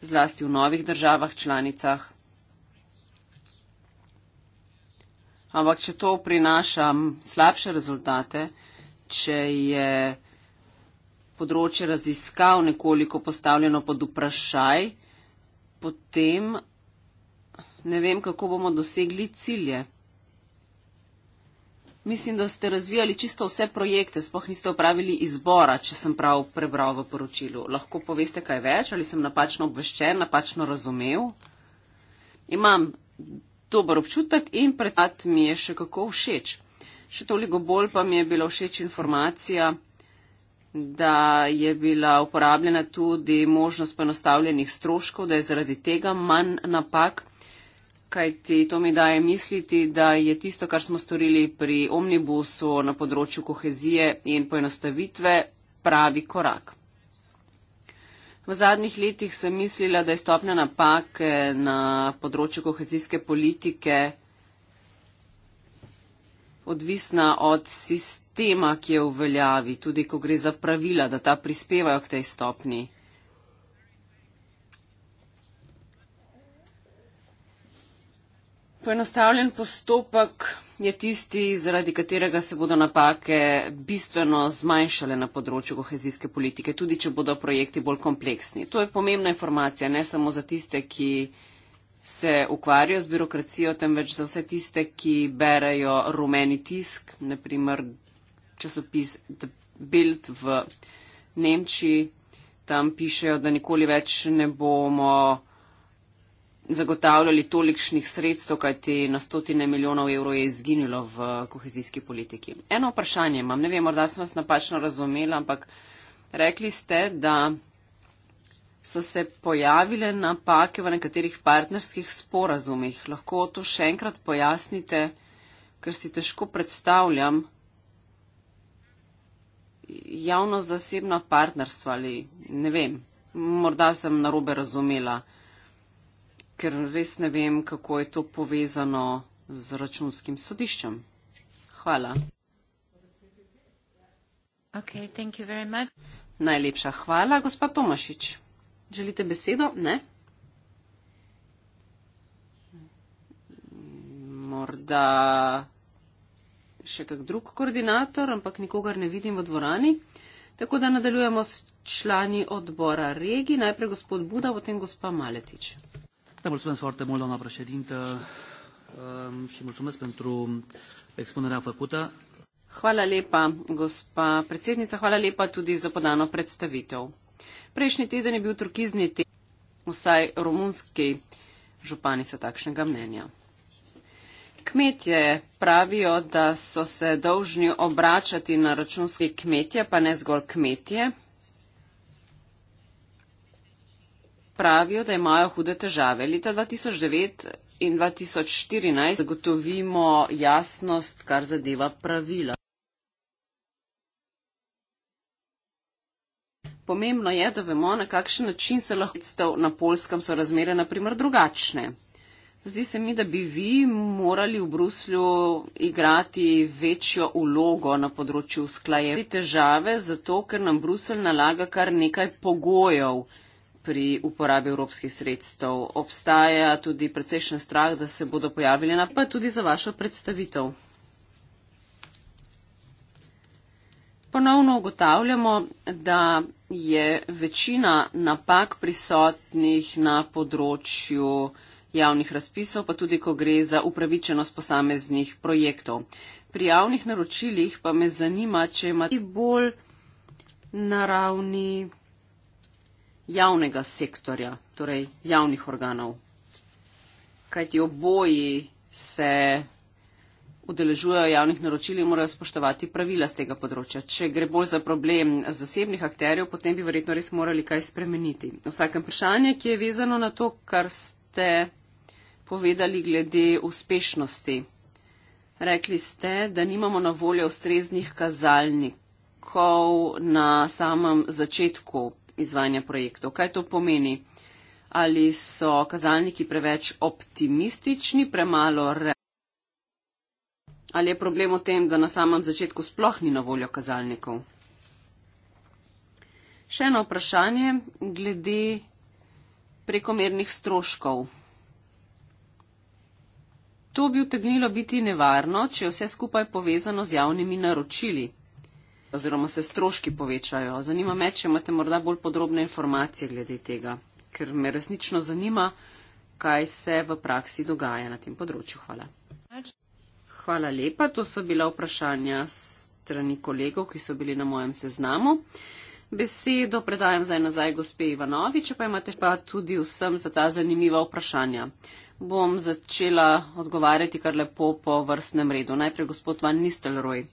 zlasti v novih državah članicah. Ampak, če to prinaša slabše rezultate, če je področje raziskav nekoliko postavljeno pod vprašaj, potem ne vem, kako bomo dosegli cilje. Mislim, da ste razvijali čisto vse projekte, spoh niste upravili izbora, če sem prav prebral v poročilu. Lahko poveste kaj več, ali sem napačno obveščen, napačno razumev. Imam dober občutek in predstat mi je še kako všeč. Še toliko bolj pa mi je bila všeč informacija da je bila uporabljena tudi možnost poenostavljenih stroškov, da je zaradi tega manj napak, kajti to mi daje misliti, da je tisto, kar smo storili pri omnibusu na področju kohezije in poenostavitve, pravi korak. V zadnjih letih sem mislila, da je stopnja napake na področju kohezijske politike odvisna od sistema, ki je uveljavi, tudi ko gre za pravila, da ta prispevajo k tej stopni. Poenostavljen postopek je tisti, zaradi katerega se bodo napake bistveno zmanjšale na področju kohezijske politike, tudi če bodo projekti bolj kompleksni. To je pomembna informacija, ne samo za tiste, ki se ukvarjajo z birokracijo, temveč za vse tiste, ki berajo rumeni tisk, naprimer časopis The Bild v Nemčiji. Tam pišejo, da nikoli več ne bomo zagotavljali tolikšnih sredstev, kajti na stotine milijonov evrov je izginilo v kohezijski politiki. Eno vprašanje imam, ne vem, morda sem vas napačno razumela, ampak rekli ste, da so se pojavile napake v nekaterih partnerskih sporazumih. Lahko to še enkrat pojasnite, ker si težko predstavljam javno-zasebna partnerstva ali ne vem, morda sem narobe razumela, ker res ne vem, kako je to povezano z računskim sodiščem. Hvala. Okay, Najlepša hvala, gospod Tomašič. Želite besedo? Ne. Morda še kak drug koordinator, ampak nikogar ne vidim v dvorani. Tako da nadaljujemo s člani odbora regi. Najprej gospod Buda, potem gospa Maletič. Ehm, Hvala lepa, gospa predsednica. Hvala lepa tudi za podano predstavitev. Prejšnji teden je bil turkizni teden, vsaj romunski župani so takšnega mnenja. Kmetje pravijo, da so se dolžni obračati na računske kmetje, pa ne zgolj kmetje. Pravijo, da imajo hude težave. Leta 2009 in 2014 zagotovimo jasnost, kar zadeva pravila. Pomembno je, da vemo, na kakšen način se lahko predstav na polskem so razmere naprimer drugačne. Zdi se mi, da bi vi morali v Bruslju igrati večjo ulogo na področju usklajevanja težave, zato ker nam Bruselj nalaga kar nekaj pogojev pri uporabi evropskih sredstev. Obstaja tudi precejšen strah, da se bodo pojavili napa tudi za vašo predstavitev. Ponovno ugotavljamo, da je večina napak prisotnih na področju javnih razpisov, pa tudi, ko gre za upravičenost posameznih projektov. Pri javnih naročilih pa me zanima, če imate bolj na ravni javnega sektorja, torej javnih organov. Kajti oboji se udeležujejo javnih naročil in morajo spoštovati pravila z tega področja. Če gre bolj za problem zasebnih akterjev, potem bi verjetno res morali kaj spremeniti. Vsakem vprašanje, ki je vezano na to, kar ste povedali glede uspešnosti. Rekli ste, da nimamo na voljo ustreznih kazalnikov na samem začetku izvajanja projektov. Kaj to pomeni? Ali so kazalniki preveč optimistični, premalo realni? Ali je problem v tem, da na samem začetku sploh ni na voljo kazalnikov? Še eno vprašanje glede prekomernih stroškov. To bi utegnilo biti nevarno, če je vse skupaj povezano z javnimi naročili oziroma se stroški povečajo. Zanima me, če imate morda bolj podrobne informacije glede tega, ker me resnično zanima, kaj se v praksi dogaja na tem področju. Hvala. Hvala. Hvala lepa. To so bila vprašanja strani kolegov, ki so bili na mojem seznamu. Besedo predajam zdaj nazaj gospe Ivanoviče, pa imate pa tudi vsem za ta zanimiva vprašanja. Bom začela odgovarjati kar lepo po vrstnem redu. Najprej gospod Van Nistelroj.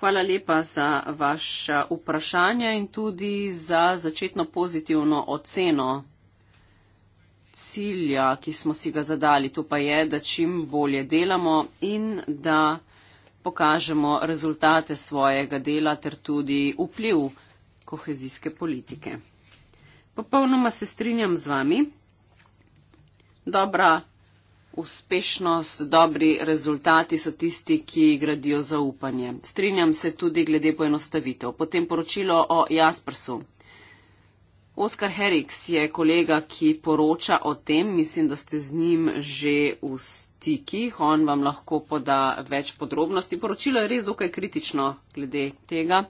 Hvala lepa za vaša vprašanja in tudi za začetno pozitivno oceno cilja, ki smo si ga zadali, to pa je, da čim bolje delamo in da pokažemo rezultate svojega dela ter tudi vpliv kohezijske politike. Popolnoma se strinjam z vami. Dobra uspešnost, dobri rezultati so tisti, ki gradijo zaupanje. Strinjam se tudi glede poenostavitev. Potem poročilo o Jaspersu. Oskar Heriks je kolega, ki poroča o tem, mislim, da ste z njim že v stikih, on vam lahko poda več podrobnosti. Poročilo je res dokaj kritično glede tega.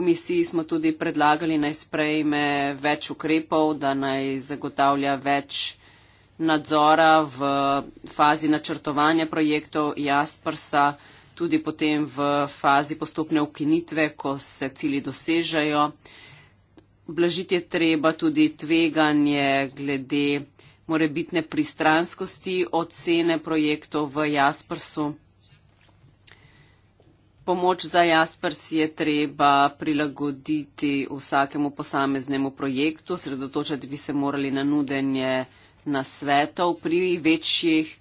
Komisiji smo tudi predlagali naj sprejme več ukrepov, da naj zagotavlja več nadzora v fazi načrtovanja projektov Jaspersa, tudi potem v fazi postopne ukinitve, ko se cili dosežejo blažiti je treba tudi tveganje glede morebitne pristranskosti ocene projektov v Jaspersu. Pomoč za Jaspers je treba prilagoditi vsakemu posameznemu projektu, sredotočati bi se morali na nudenje nasvetov pri večjih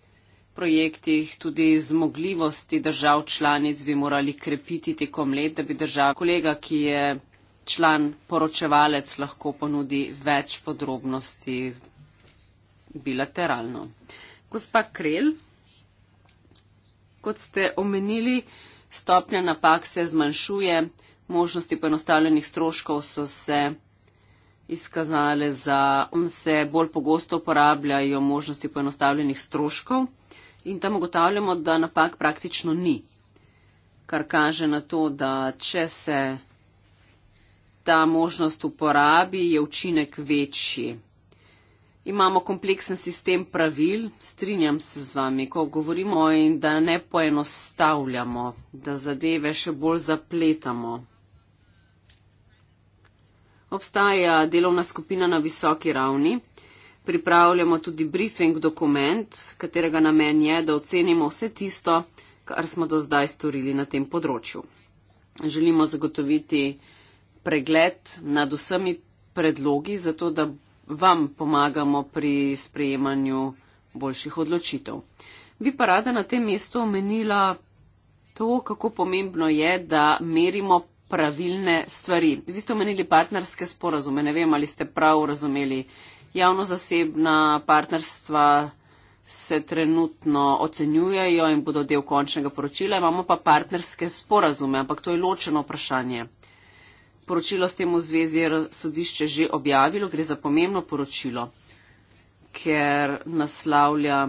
projektih, tudi zmogljivosti držav članic bi morali krepiti tekom let, da bi država. Kolega, ki je član poročevalec lahko ponudi več podrobnosti bilateralno. Gospa Krel, kot ste omenili, stopnja napak se zmanjšuje, možnosti poenostavljenih stroškov so se izkazale za, um, se bolj pogosto uporabljajo možnosti poenostavljenih stroškov in tam ugotavljamo, da napak praktično ni, kar kaže na to, da če se ta možnost uporabi, je učinek večji. Imamo kompleksen sistem pravil, strinjam se z vami, ko govorimo in da ne poenostavljamo, da zadeve še bolj zapletamo. Obstaja delovna skupina na visoki ravni. Pripravljamo tudi briefing dokument, katerega namen je, da ocenimo vse tisto, kar smo do zdaj storili na tem področju. Želimo zagotoviti pregled nad vsemi predlogi, zato da vam pomagamo pri sprejemanju boljših odločitev. Bi pa rada na tem mestu omenila to, kako pomembno je, da merimo pravilne stvari. Vi ste omenili partnerske sporazume, ne vem, ali ste prav razumeli. Javno-zasebna partnerstva se trenutno ocenjujejo in bodo del končnega poročila, imamo pa partnerske sporazume, ampak to je ločeno vprašanje poročilo s tem v zvezi je sodišče že objavilo, gre za pomembno poročilo, ker naslavlja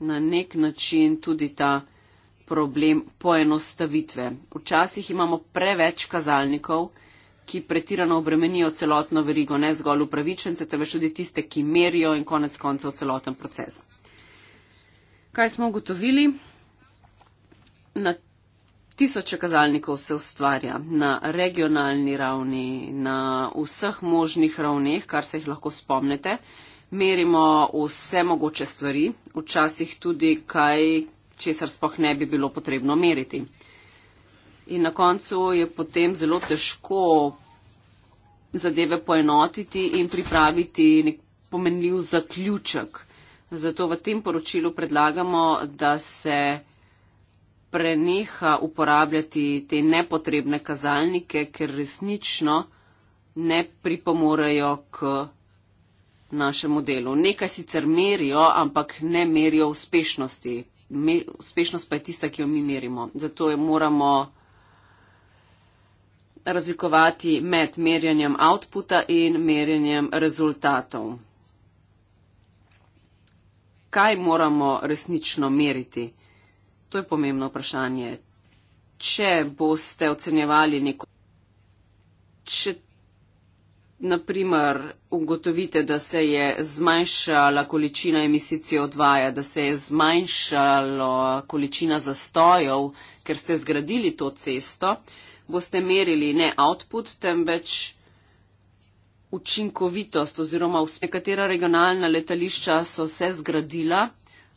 na nek način tudi ta problem poenostavitve. Včasih imamo preveč kazalnikov, ki pretirano obremenijo celotno verigo, ne zgolj upravičence, temveč tudi tiste, ki merijo in konec koncev celoten proces. Kaj smo ugotovili? Na Tisoče kazalnikov se ustvarja na regionalni ravni, na vseh možnih ravneh, kar se jih lahko spomnite. Merimo vse mogoče stvari, včasih tudi kaj, česar spoh ne bi bilo potrebno meriti. In na koncu je potem zelo težko zadeve poenotiti in pripraviti nek pomenljiv zaključek. Zato v tem poročilu predlagamo, da se preneha uporabljati te nepotrebne kazalnike, ker resnično ne pripomorejo k našemu delu. Nekaj sicer merijo, ampak ne merijo uspešnosti. Me, uspešnost pa je tista, ki jo mi merimo. Zato jo moramo razlikovati med merjanjem outputa in merjanjem rezultatov. Kaj moramo resnično meriti? To je pomembno vprašanje. Če boste ocenjevali neko. Če, naprimer, ugotovite, da se je zmanjšala količina emisij CO2, da se je zmanjšala količina zastojev, ker ste zgradili to cesto, boste merili ne output, temveč učinkovitost oziroma uspeh, katera regionalna letališča so se zgradila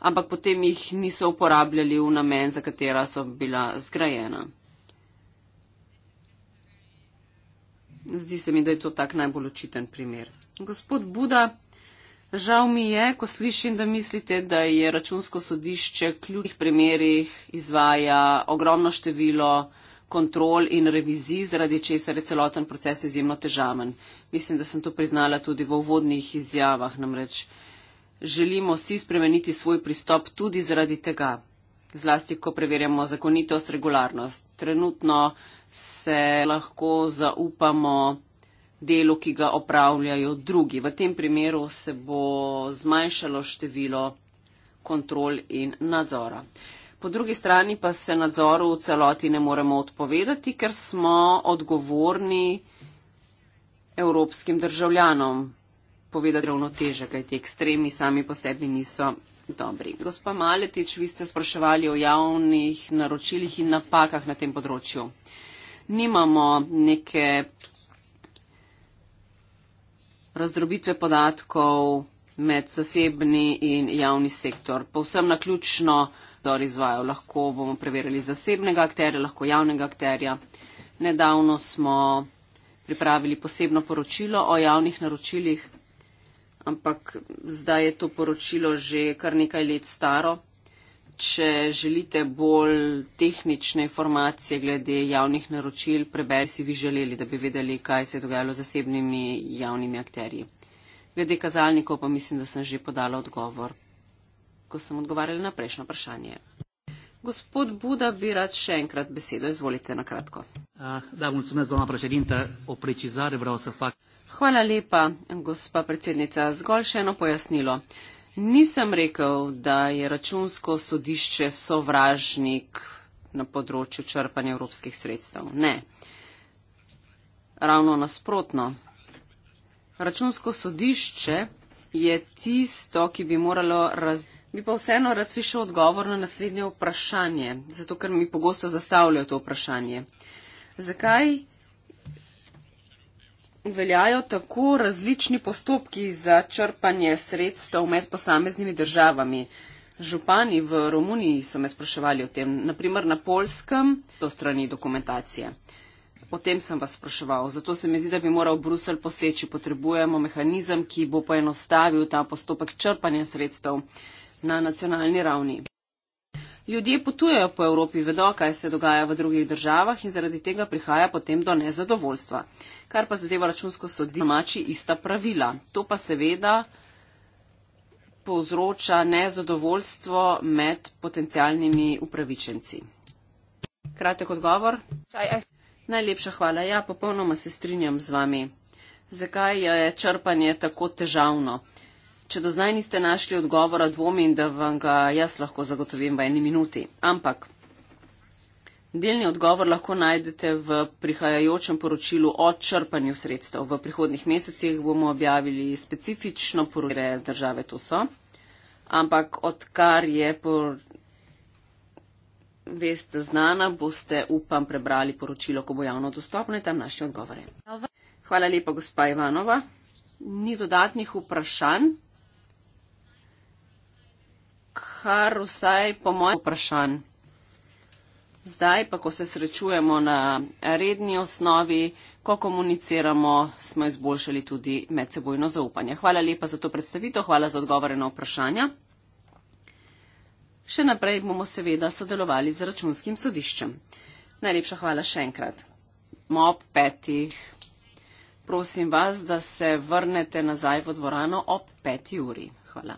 ampak potem jih niso uporabljali v namen, za katera so bila zgrajena. Zdi se mi, da je to tak najbolj očiten primer. Gospod Buda, žal mi je, ko slišim, da mislite, da je računsko sodišče ključnih primerih izvaja ogromno število kontrol in revizij, zaradi česar je celoten proces izjemno težaven. Mislim, da sem to priznala tudi v uvodnih izjavah, namreč želimo vsi spremeniti svoj pristop tudi zaradi tega, zlasti ko preverjamo zakonitost, regularnost. Trenutno se lahko zaupamo delu, ki ga opravljajo drugi. V tem primeru se bo zmanjšalo število kontrol in nadzora. Po drugi strani pa se nadzoru v celoti ne moremo odpovedati, ker smo odgovorni evropskim državljanom povedati ravnoteže, kaj ti ekstremi sami po sebi niso dobri. Gospa Maletič, vi ste spraševali o javnih naročilih in napakah na tem področju. Nimamo neke razdrobitve podatkov med zasebni in javni sektor. Povsem na ključno dor izvajo. Lahko bomo preverili zasebnega akterja, lahko javnega akterja. Nedavno smo pripravili posebno poročilo o javnih naročilih ampak zdaj je to poročilo že kar nekaj let staro. Če želite bolj tehnične informacije glede javnih naročil, preberi si vi želeli, da bi vedeli, kaj se je dogajalo z zasebnimi javnimi akterji. Glede kazalnikov pa mislim, da sem že podala odgovor, ko sem odgovarjala na prejšnjo vprašanje. Gospod Buda bi rad še enkrat besedo, izvolite na kratko. Uh, da, bom se ne zgolj vprašal, da o prečizare bral se fakt. Hvala lepa, gospa predsednica. Zgolj še eno pojasnilo. Nisem rekel, da je računsko sodišče sovražnik na področju črpanja evropskih sredstev. Ne. Ravno nasprotno. Računsko sodišče je tisto, ki bi moralo raz. Bi pa vseeno rad slišal odgovor na naslednje vprašanje, zato ker mi pogosto zastavljajo to vprašanje. Zakaj veljajo tako različni postopki za črpanje sredstev med posameznimi državami. Župani v Romuniji so me spraševali o tem, naprimer na Polskem, to strani dokumentacije. O tem sem vas spraševal, zato se mi zdi, da bi moral Brusel poseči. Potrebujemo mehanizem, ki bo poenostavil ta postopek črpanja sredstev na nacionalni ravni. Ljudje potujejo po Evropi, vedo, kaj se dogaja v drugih državah in zaradi tega prihaja potem do nezadovoljstva. Kar pa zadeva računsko sodišče, domači ista pravila. To pa seveda povzroča nezadovoljstvo med potencialnimi upravičenci. Kratek odgovor. Najlepša hvala. Ja, popolnoma se strinjam z vami. Zakaj je črpanje tako težavno? Če do zdaj niste našli odgovora, dvomim, da vam ga jaz lahko zagotovim v eni minuti. Ampak delni odgovor lahko najdete v prihajajočem poročilu o črpanju sredstev. V prihodnih mesecih bomo objavili specifično poročilo, države to so. Ampak odkar je por... veste znana, boste, upam, prebrali poročilo, ko bo javno dostopno in tam našli odgovore. Hvala lepa, gospa Ivanova. Ni dodatnih vprašanj kar vsaj po mojem vprašanj. Zdaj pa, ko se srečujemo na redni osnovi, ko komuniciramo, smo izboljšali tudi medsebojno zaupanje. Hvala lepa za to predstavitev, hvala za odgovore na vprašanja. Še naprej bomo seveda sodelovali z računskim sodiščem. Najlepša hvala še enkrat. Mob petih. Prosim vas, da se vrnete nazaj v dvorano ob peti uri. Hvala.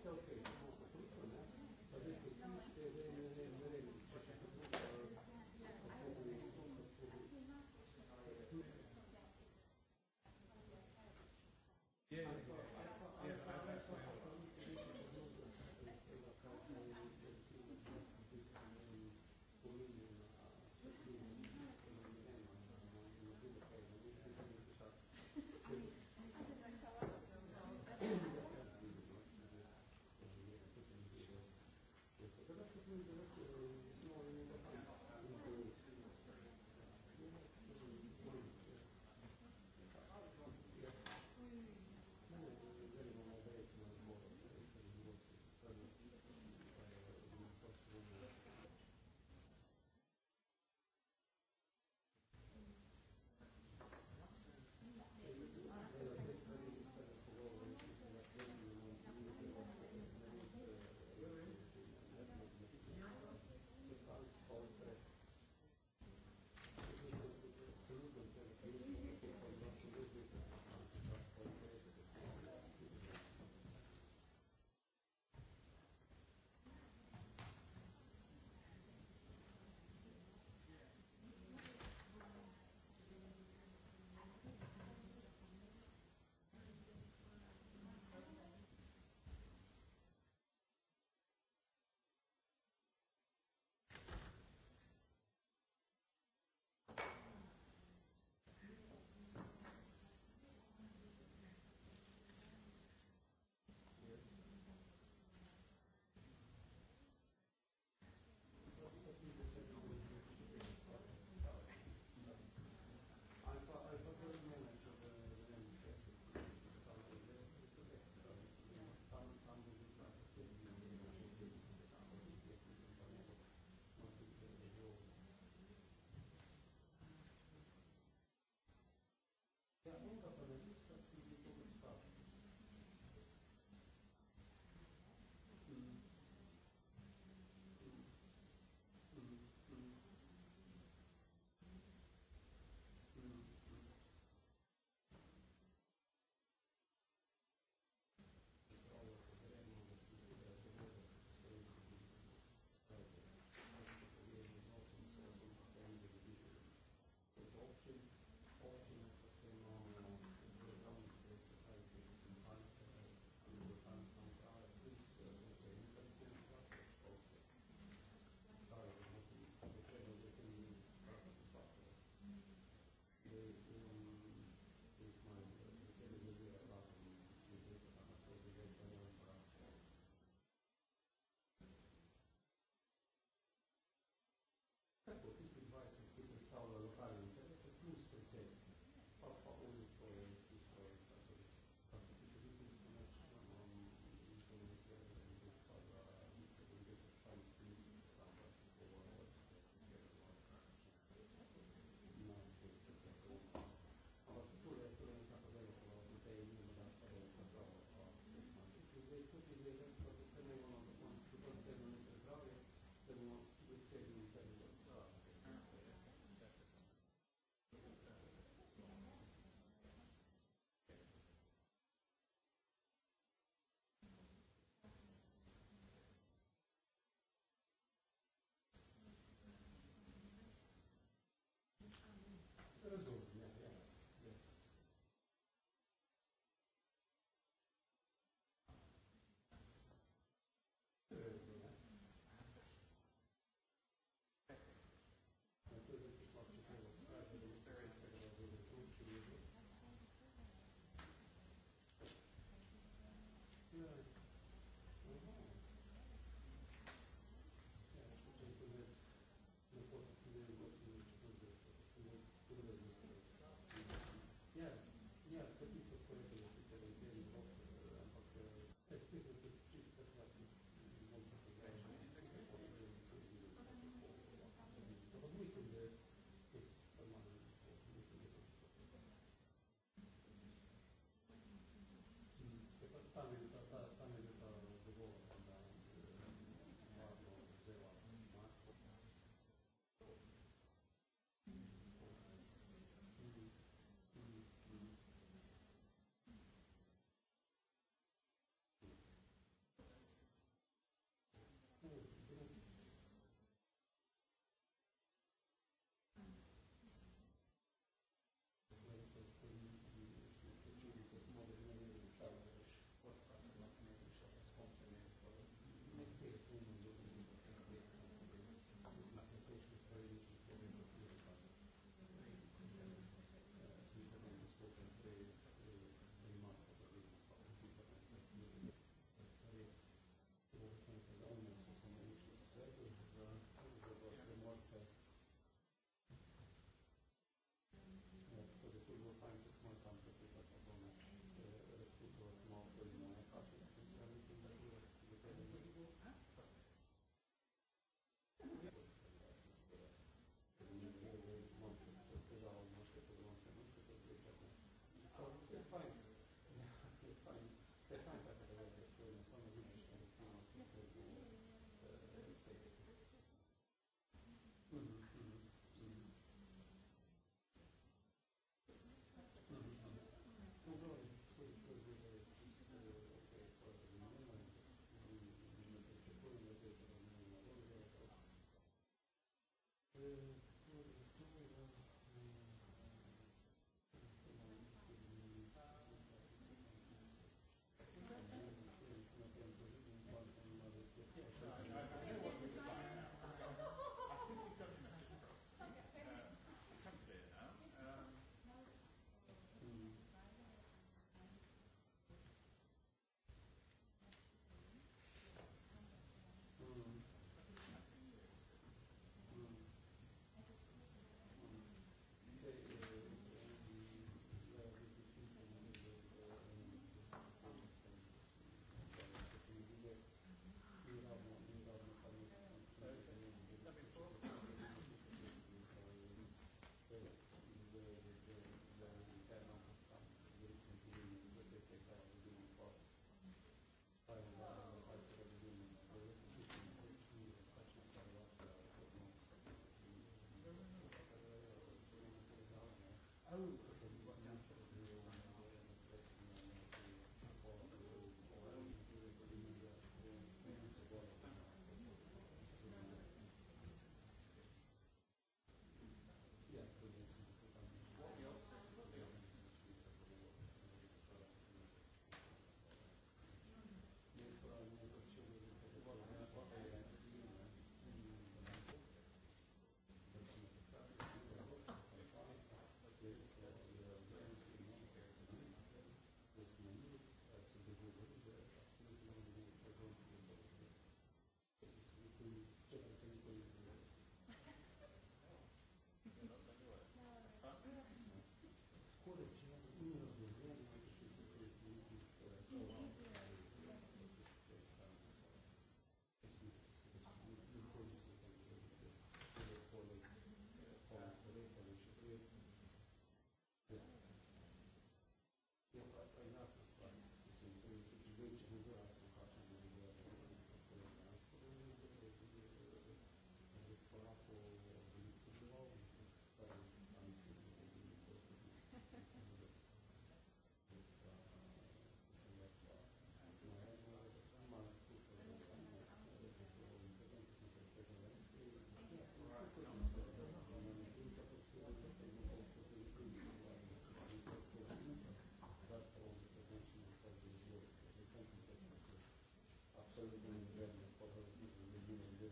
it's okay. pa bi bilo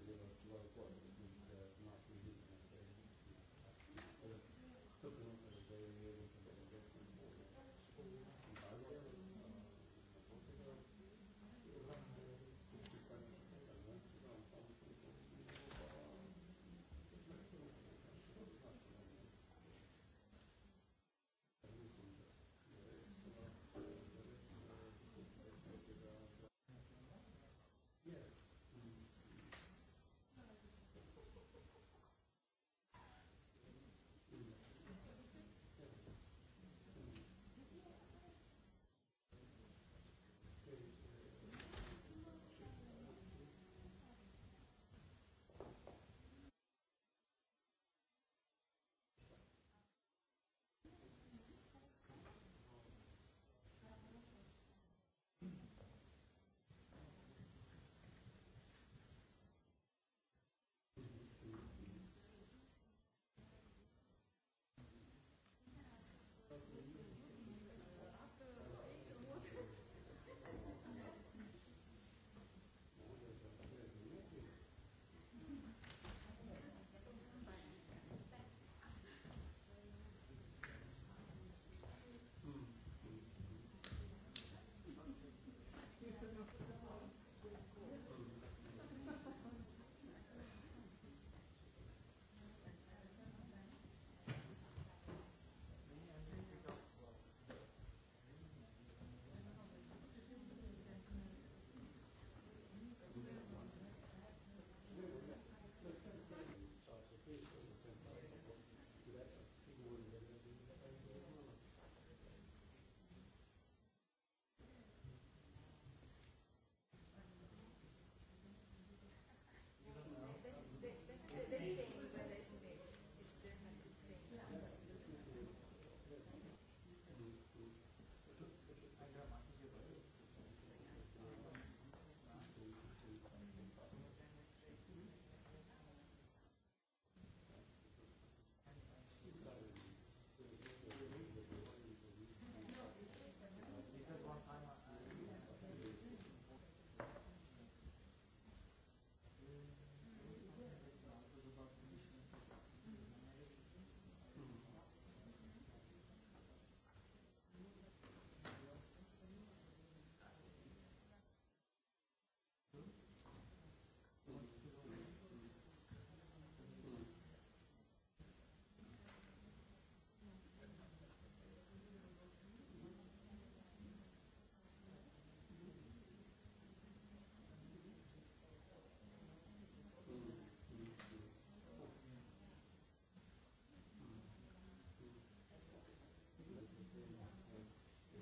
Gracias.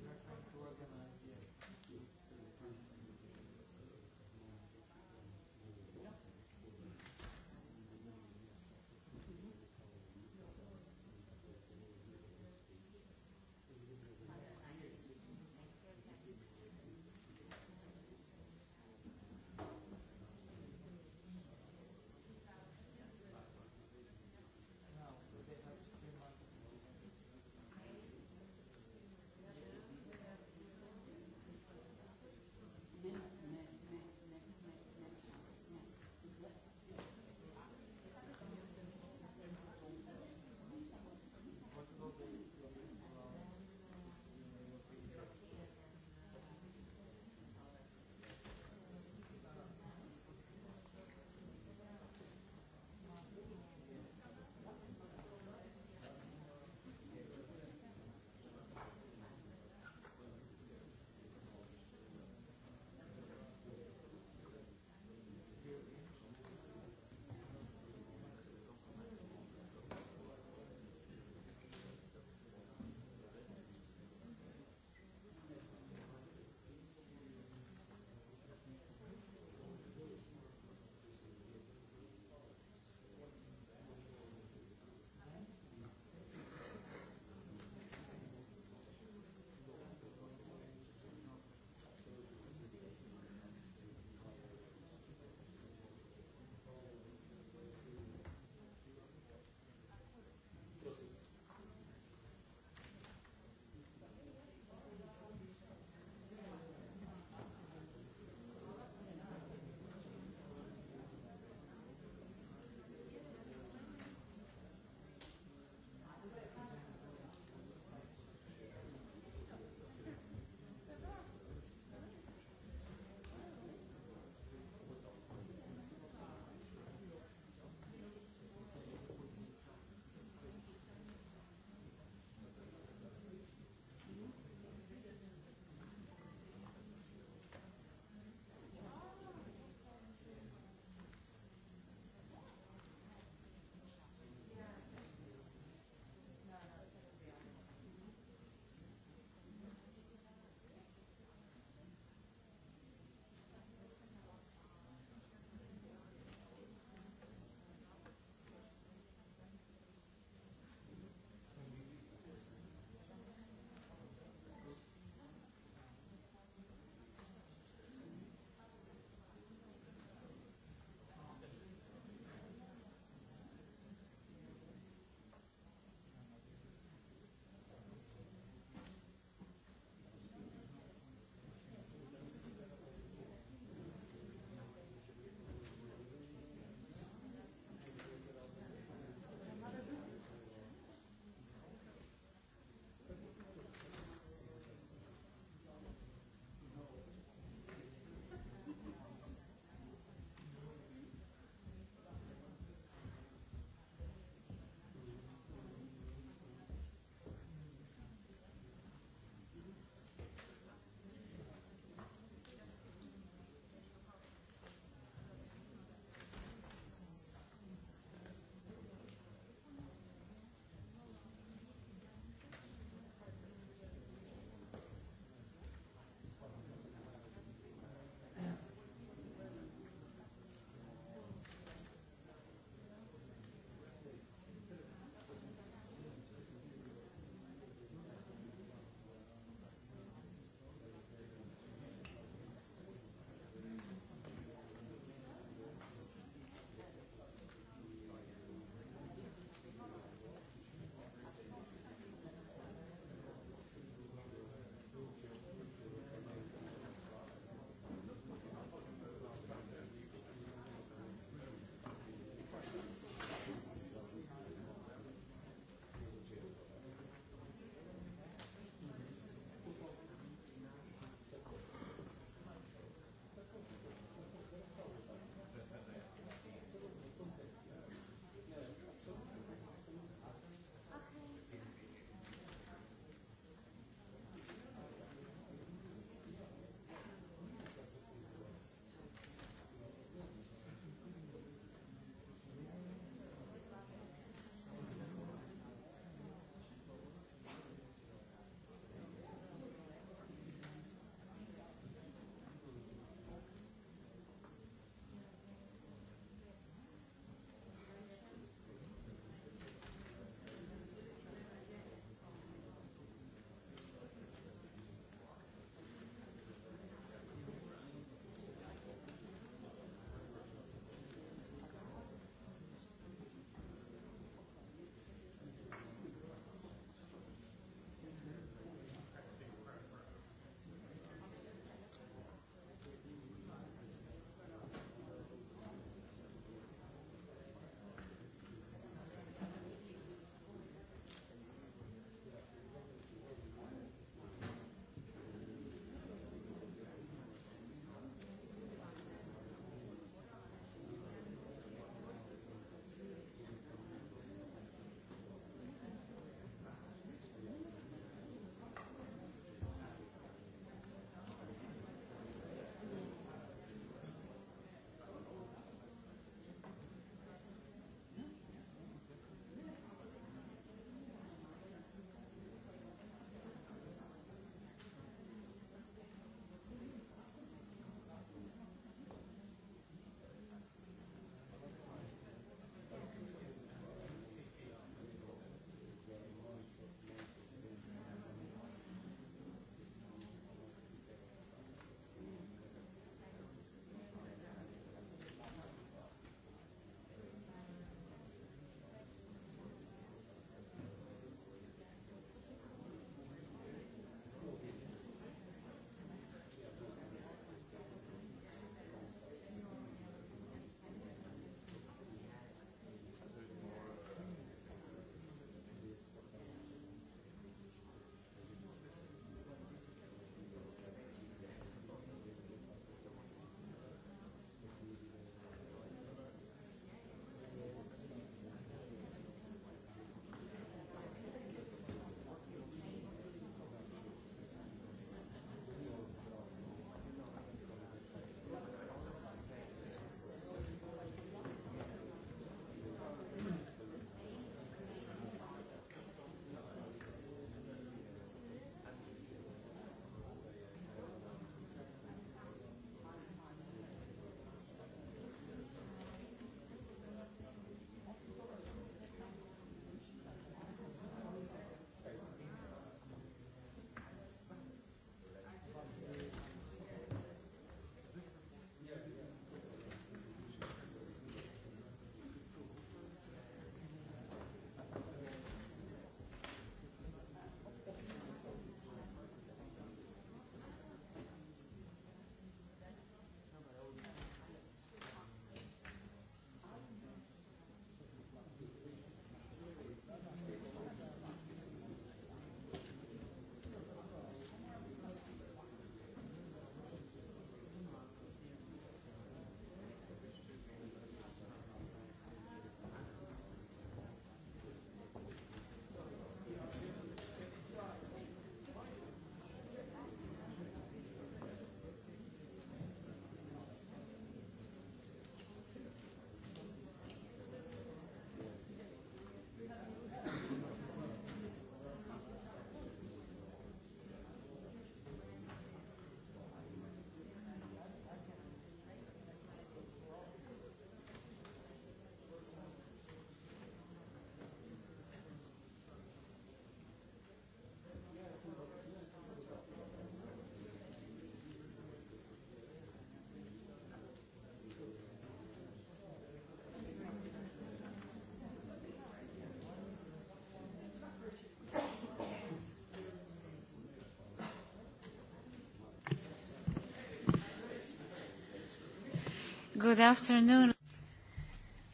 organize the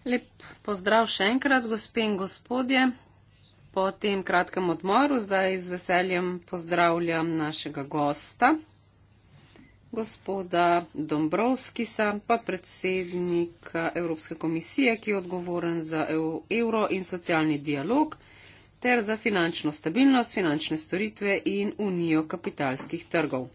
Lep pozdrav še enkrat, gospe in gospodje. Po tem kratkem odmoru zdaj z veseljem pozdravljam našega gosta, gospoda Dombrovskisa, podpredsednika Evropske komisije, ki je odgovoren za evro in socialni dialog ter za finančno stabilnost, finančne storitve in unijo kapitalskih trgov.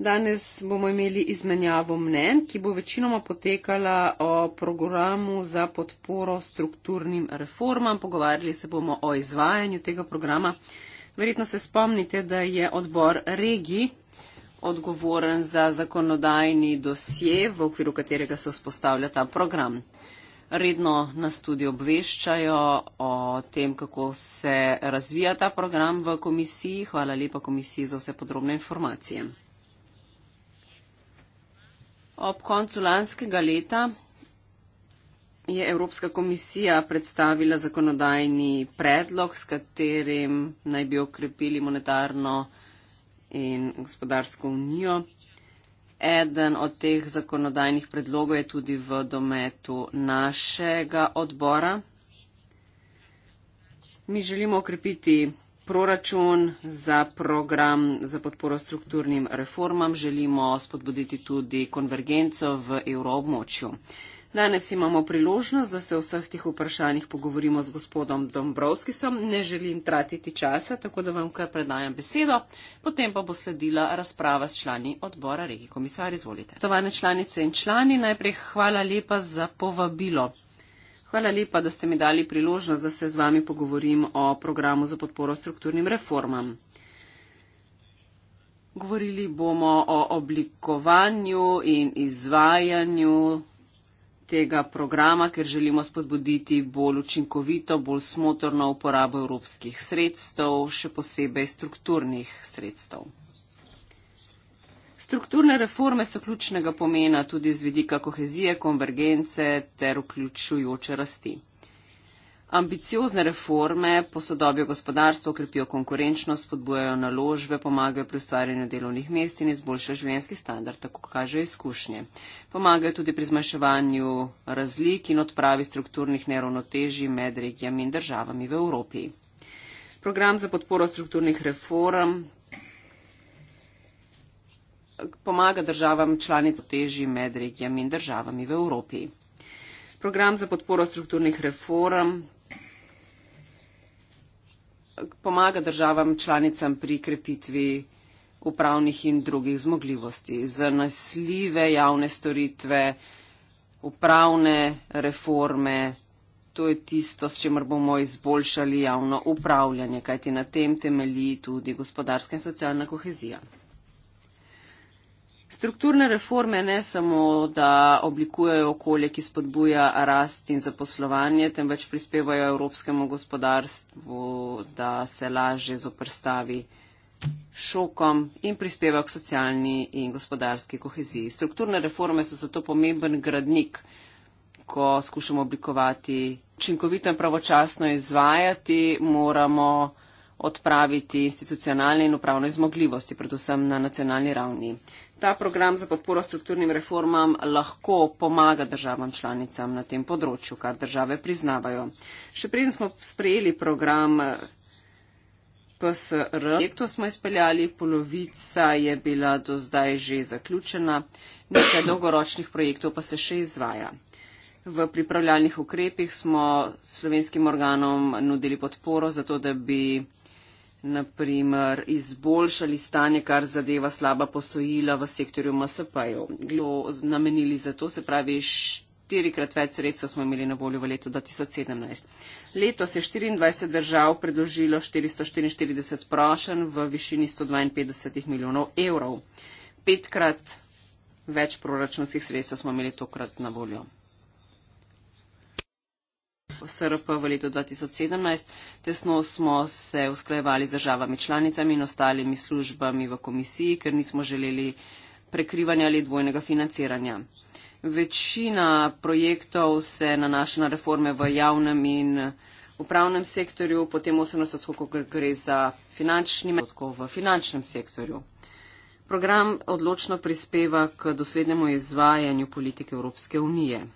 Danes bomo imeli izmenjavo mnen, ki bo večinoma potekala o programu za podporo strukturnim reformam. Pogovarjali se bomo o izvajanju tega programa. Verjetno se spomnite, da je odbor regij odgovoren za zakonodajni dosje, v okviru katerega se vzpostavlja ta program. Redno nas tudi obveščajo o tem, kako se razvija ta program v komisiji. Hvala lepa komisiji za vse podrobne informacije. Ob koncu lanskega leta je Evropska komisija predstavila zakonodajni predlog, s katerim naj bi okrepili monetarno in gospodarsko unijo. Eden od teh zakonodajnih predlogov je tudi v dometu našega odbora. Mi želimo okrepiti proračun, za program za podporo strukturnim reformam želimo spodbuditi tudi konvergenco v evroobmočju. Danes imamo priložnost, da se o vseh tih vprašanjih pogovorimo z gospodom Dombrovskisom. Ne želim tratiti časa, tako da vam kar predajam besedo. Potem pa bo sledila razprava s člani odbora regi komisar. Izvolite. Tovane članice in člani, najprej hvala lepa za povabilo. Hvala lepa, da ste mi dali priložnost, da se z vami pogovorim o programu za podporo strukturnim reformam. Govorili bomo o oblikovanju in izvajanju tega programa, ker želimo spodbuditi bolj učinkovito, bolj smotorno uporabo evropskih sredstev, še posebej strukturnih sredstev. Strukturne reforme so ključnega pomena tudi z vidika kohezije, konvergence ter vključujoče rasti. Ambiciozne reforme posodobijo gospodarstvo, krepijo konkurenčnost, spodbujajo naložbe, pomagajo pri ustvarjanju delovnih mest in izboljšajo življenjski standard, tako kaže izkušnje. Pomagajo tudi pri zmanjševanju razlik in odpravi strukturnih neravnotežij med regijami in državami v Evropi. Program za podporo strukturnih reform pomaga državam članic težji med regijami in državami v Evropi. Program za podporo strukturnih reform pomaga državam članicam pri krepitvi upravnih in drugih zmogljivosti. Zanesljive javne storitve, upravne reforme, to je tisto, s čimer bomo izboljšali javno upravljanje, kajti na tem temelji tudi gospodarska in socialna kohezija. Strukturne reforme ne samo, da oblikujejo okolje, ki spodbuja rast in zaposlovanje, temveč prispevajo evropskemu gospodarstvu, da se laže zoprstavi šokom in prispeva k socialni in gospodarski koheziji. Strukturne reforme so zato pomemben gradnik, ko skušamo oblikovati učinkovito in pravočasno izvajati, moramo odpraviti institucionalne in upravne zmogljivosti, predvsem na nacionalni ravni ta program za podporo strukturnim reformam lahko pomaga državam članicam na tem področju, kar države priznavajo. Še preden smo sprejeli program eh, PSR, projektu smo izpeljali, polovica je bila do zdaj že zaključena, nekaj dolgoročnih projektov pa se še izvaja. V pripravljalnih ukrepih smo slovenskim organom nudili podporo za to, da bi naprimer izboljšali stanje, kar zadeva slaba posojila v sektorju MSP-ju. Glo namenili za to, se pravi, štirikrat več sredstva smo imeli na voljo v letu 2017. Letos je 24 držav predložilo 444 prošen v višini 152 milijonov evrov. Petkrat več proračunskih sredstva smo imeli tokrat na voljo. SRP v letu 2017. Tesno smo se usklajevali z državami članicami in ostalimi službami v komisiji, ker nismo želeli prekrivanja ali dvojnega financiranja. Večina projektov se nanaša na reforme v javnem in upravnem sektorju, potem 18 odstotkov gre za finančni odstotkov v finančnem sektorju. Program odločno prispeva k doslednemu izvajanju politike Evropske unije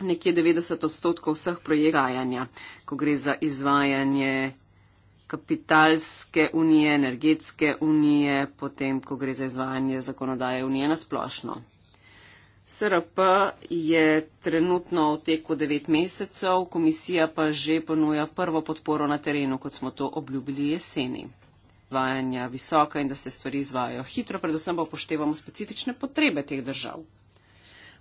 nekje 90 odstotkov vseh projekajanja, ko gre za izvajanje kapitalske unije, energetske unije, potem, ko gre za izvajanje zakonodaje unije na splošno. SRP je trenutno v teku 9 mesecev, komisija pa že ponuja prvo podporo na terenu, kot smo to obljubili jeseni. Izvajanja visoka in da se stvari izvajo hitro, predvsem pa upoštevamo specifične potrebe teh držav.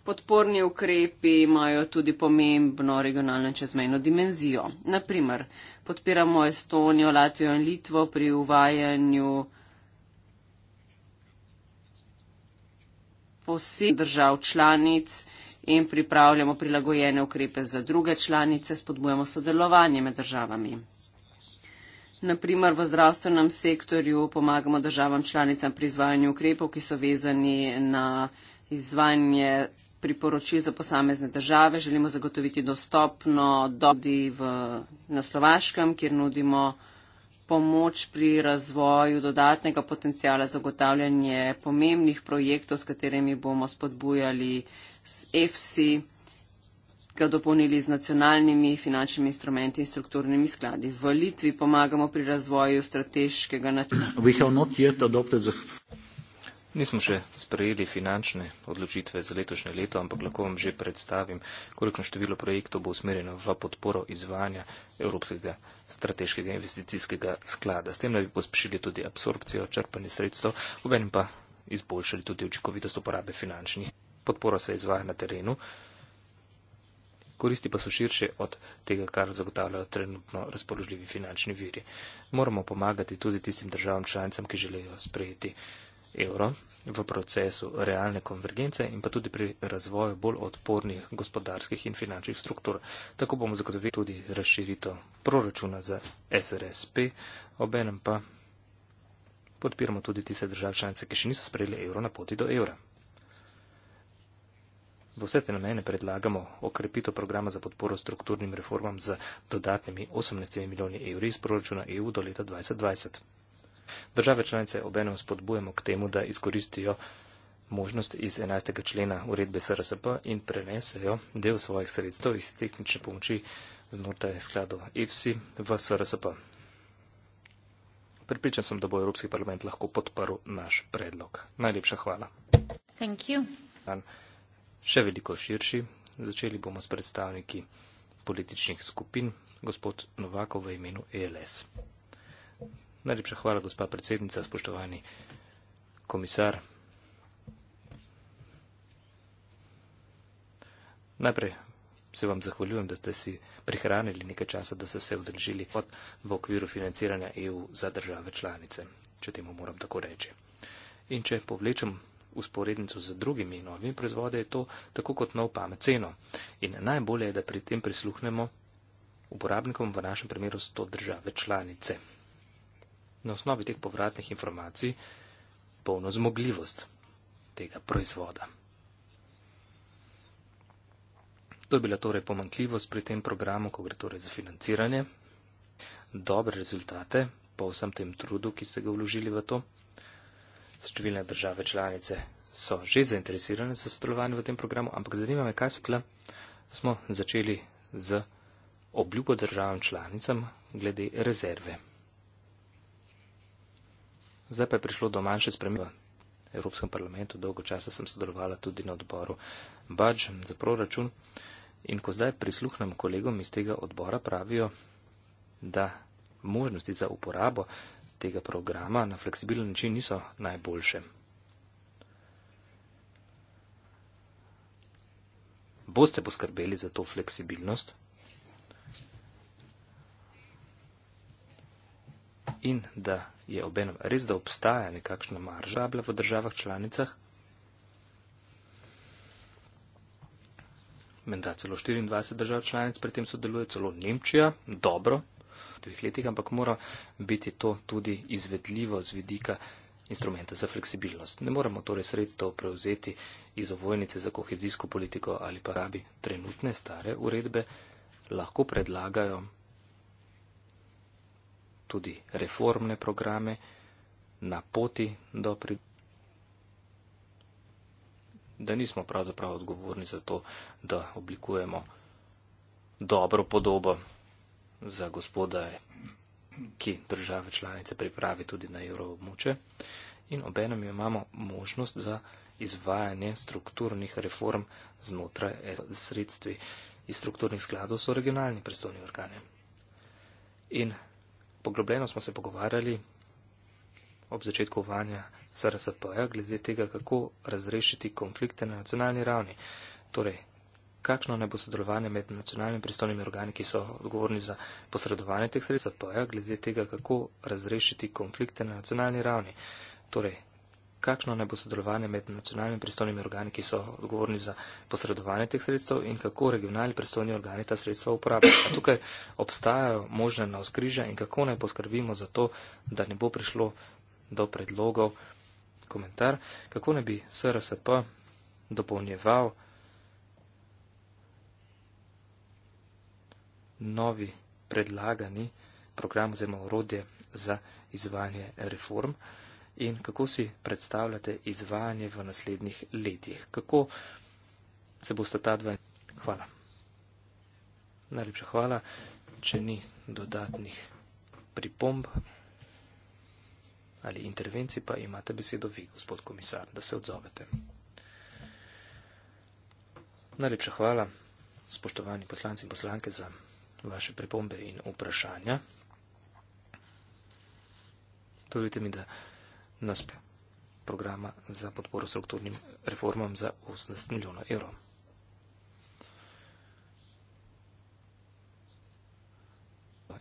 Podporni ukrepi imajo tudi pomembno regionalno in čezmejno dimenzijo. Naprimer, podpiramo Estonijo, Latvijo in Litvo pri uvajanju posebnih držav članic in pripravljamo prilagojene ukrepe za druge članice, spodbujamo sodelovanje med državami. Naprimer, v zdravstvenem sektorju pomagamo državam članicam pri izvajanju ukrepov, ki so vezani na izvajanje priporočil za posamezne države. Želimo zagotoviti dostopno dobi v, na Slovaškem, kjer nudimo pomoč pri razvoju dodatnega potencijala za zagotavljanje pomembnih projektov, s katerimi bomo spodbujali z EFSI, ga dopolnili z nacionalnimi finančnimi instrumenti in strukturnimi skladi. V Litvi pomagamo pri razvoju strateškega načrta. Nismo še sprejeli finančne odločitve za letošnje leto, ampak lahko vam že predstavim, koliko število projektov bo usmerjeno v podporo izvajanja Evropskega strateškega investicijskega sklada. S tem naj bi pospešili tudi absorpcijo črpanja sredstev, obenem pa izboljšali tudi učinkovitost uporabe finančnih. Podpora se izvaja na terenu, koristi pa so širše od tega, kar zagotavljajo trenutno razpoložljivi finančni viri. Moramo pomagati tudi tistim državam članicam, ki želejo sprejeti evra v procesu realne konvergence in pa tudi pri razvoju bolj odpornih gospodarskih in finančnih struktur. Tako bomo zagotovili tudi razširito proračuna za SRSP, obenem pa podpiramo tudi tiste države članice, ki še niso sprejeli evro na poti do evra. V vse te namene predlagamo okrepito programa za podporo strukturnim reformam z dodatnimi 18 milijoni evri iz proračuna EU do leta 2020. Države članice obenem spodbujemo k temu, da izkoristijo možnost iz 11. člena uredbe SRSP in prenesejo del svojih sredstev iz tehnične pomoči znotraj skladov EFSI v SRSP. Pripričan sem, da bo Evropski parlament lahko podprl naš predlog. Najlepša hvala. Thank you. Še veliko širši. Začeli bomo s predstavniki političnih skupin. Gospod Novakov v imenu ELS. Najlepša hvala, gospa predsednica, spoštovani komisar. Najprej se vam zahvaljujem, da ste si prihranili nekaj časa, da ste se odrežili v okviru financiranja EU za države članice, če temu moram tako reči. In če povlečem usporednico z drugimi novimi proizvode, je to tako kot nov pamet ceno. In najbolje je, da pri tem prisluhnemo uporabnikom, v našem primeru so to države članice na osnovi teh povratnih informacij polno zmogljivost tega proizvoda. To je bila torej pomankljivost pri tem programu, ko gre torej za financiranje, dobre rezultate po vsem tem trudu, ki ste ga vložili v to. Številne države članice so že zainteresirane za sodelovanje v tem programu, ampak zanima me, kaj skla smo začeli z obljubo državam članicam glede rezerve. Zdaj pa je prišlo do manjše spremembe. V Evropskem parlamentu dolgo časa sem sodelovala tudi na odboru Budge za proračun in ko zdaj prisluhnem kolegom iz tega odbora, pravijo, da možnosti za uporabo tega programa na fleksibilen način niso najboljše. Boste poskrbeli za to fleksibilnost? in da je obenem res, da obstaja nekakšna marža bila v državah članicah, menda celo 24 držav članic pri tem sodeluje, celo Nemčija, dobro, v dveh letih, ampak mora biti to tudi izvedljivo z vidika instrumenta za fleksibilnost. Ne moremo torej sredstev prevzeti iz ovojnice za kohezijsko politiko ali pa rabi trenutne stare uredbe, lahko predlagajo tudi reformne programe na poti do pridružitve. Da nismo pravzaprav odgovorni za to, da oblikujemo dobro podobo za gospoda, ki države članice pripravi tudi na evroobmoče. In obenem imamo možnost za izvajanje strukturnih reform znotraj e-, sredstvi iz strukturnih skladov so regionalni predstavni organi. In poglobljeno smo se pogovarjali ob začetku vanja SRSP-ja glede tega, kako razrešiti konflikte na nacionalni ravni. Torej, kakšno naj bo sodelovanje med nacionalnimi pristojnimi organi, ki so odgovorni za posredovanje teh sredstva, glede tega, kako razrešiti konflikte na nacionalni ravni. Torej, kakšno naj bo sodelovanje med nacionalnimi pristojnimi organi, ki so odgovorni za posredovanje teh sredstev in kako regionalni pristojni organi ta sredstva uporabljajo. Tukaj obstajajo možne navzkrižja in kako naj poskrbimo za to, da ne bo prišlo do predlogov, komentar, kako naj bi SRSP dopolnjeval novi predlagani program oziroma orodje za izvajanje reform in kako si predstavljate izvajanje v naslednjih letih. Kako se boste ta dva. Hvala. Najlepša hvala, če ni dodatnih pripomb ali intervencij, pa imate besedo vi, gospod komisar, da se odzovete. Najlepša hvala, spoštovani poslanci in poslanke, za vaše pripombe in vprašanja. Dovolite mi, da НСП. Програма за подпора структурним реформам за 18 милиона евро.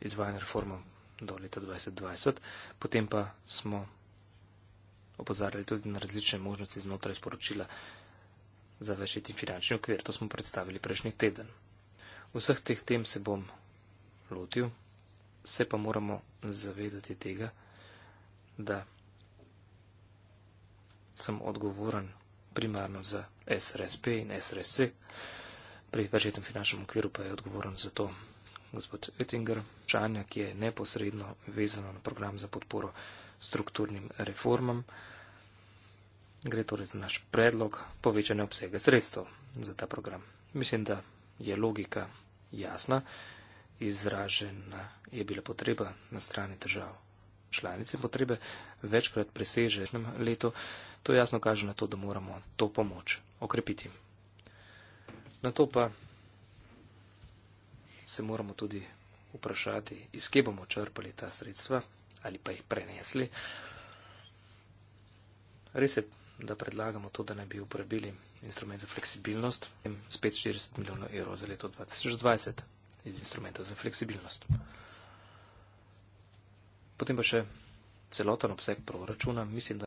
Izvajanje reforma do leta 2020, potem pa smo opozarjali tudi na različne možnosti znotraj sporočila za večjeti finančni okvir. To smo predstavili prejšnji teden. Vseh teh tem se bom lotil, se pa moramo zavedati tega, da sem odgovoren primarno za SRSP in SRSC, pri večjetem finančnem okviru pa je odgovoren za to gospod Ettinger Čanja, ki je neposredno vezan na program za podporo strukturnim reformam. Gre torej za naš predlog povečanja obsega sredstev za ta program. Mislim, da je logika jasna, izražena je bila potreba na strani držav članice potrebe večkrat preseže na leto, to jasno kaže na to, da moramo to pomoč okrepiti. Na to pa se moramo tudi vprašati, iz kje bomo črpali ta sredstva ali pa jih prenesli. Res je, da predlagamo to, da naj bi uporabili instrument za fleksibilnost in spet 40 milijonov evrov za leto 2020 iz instrumenta za fleksibilnost potem pa še celoten obseg proračuna, mislim, da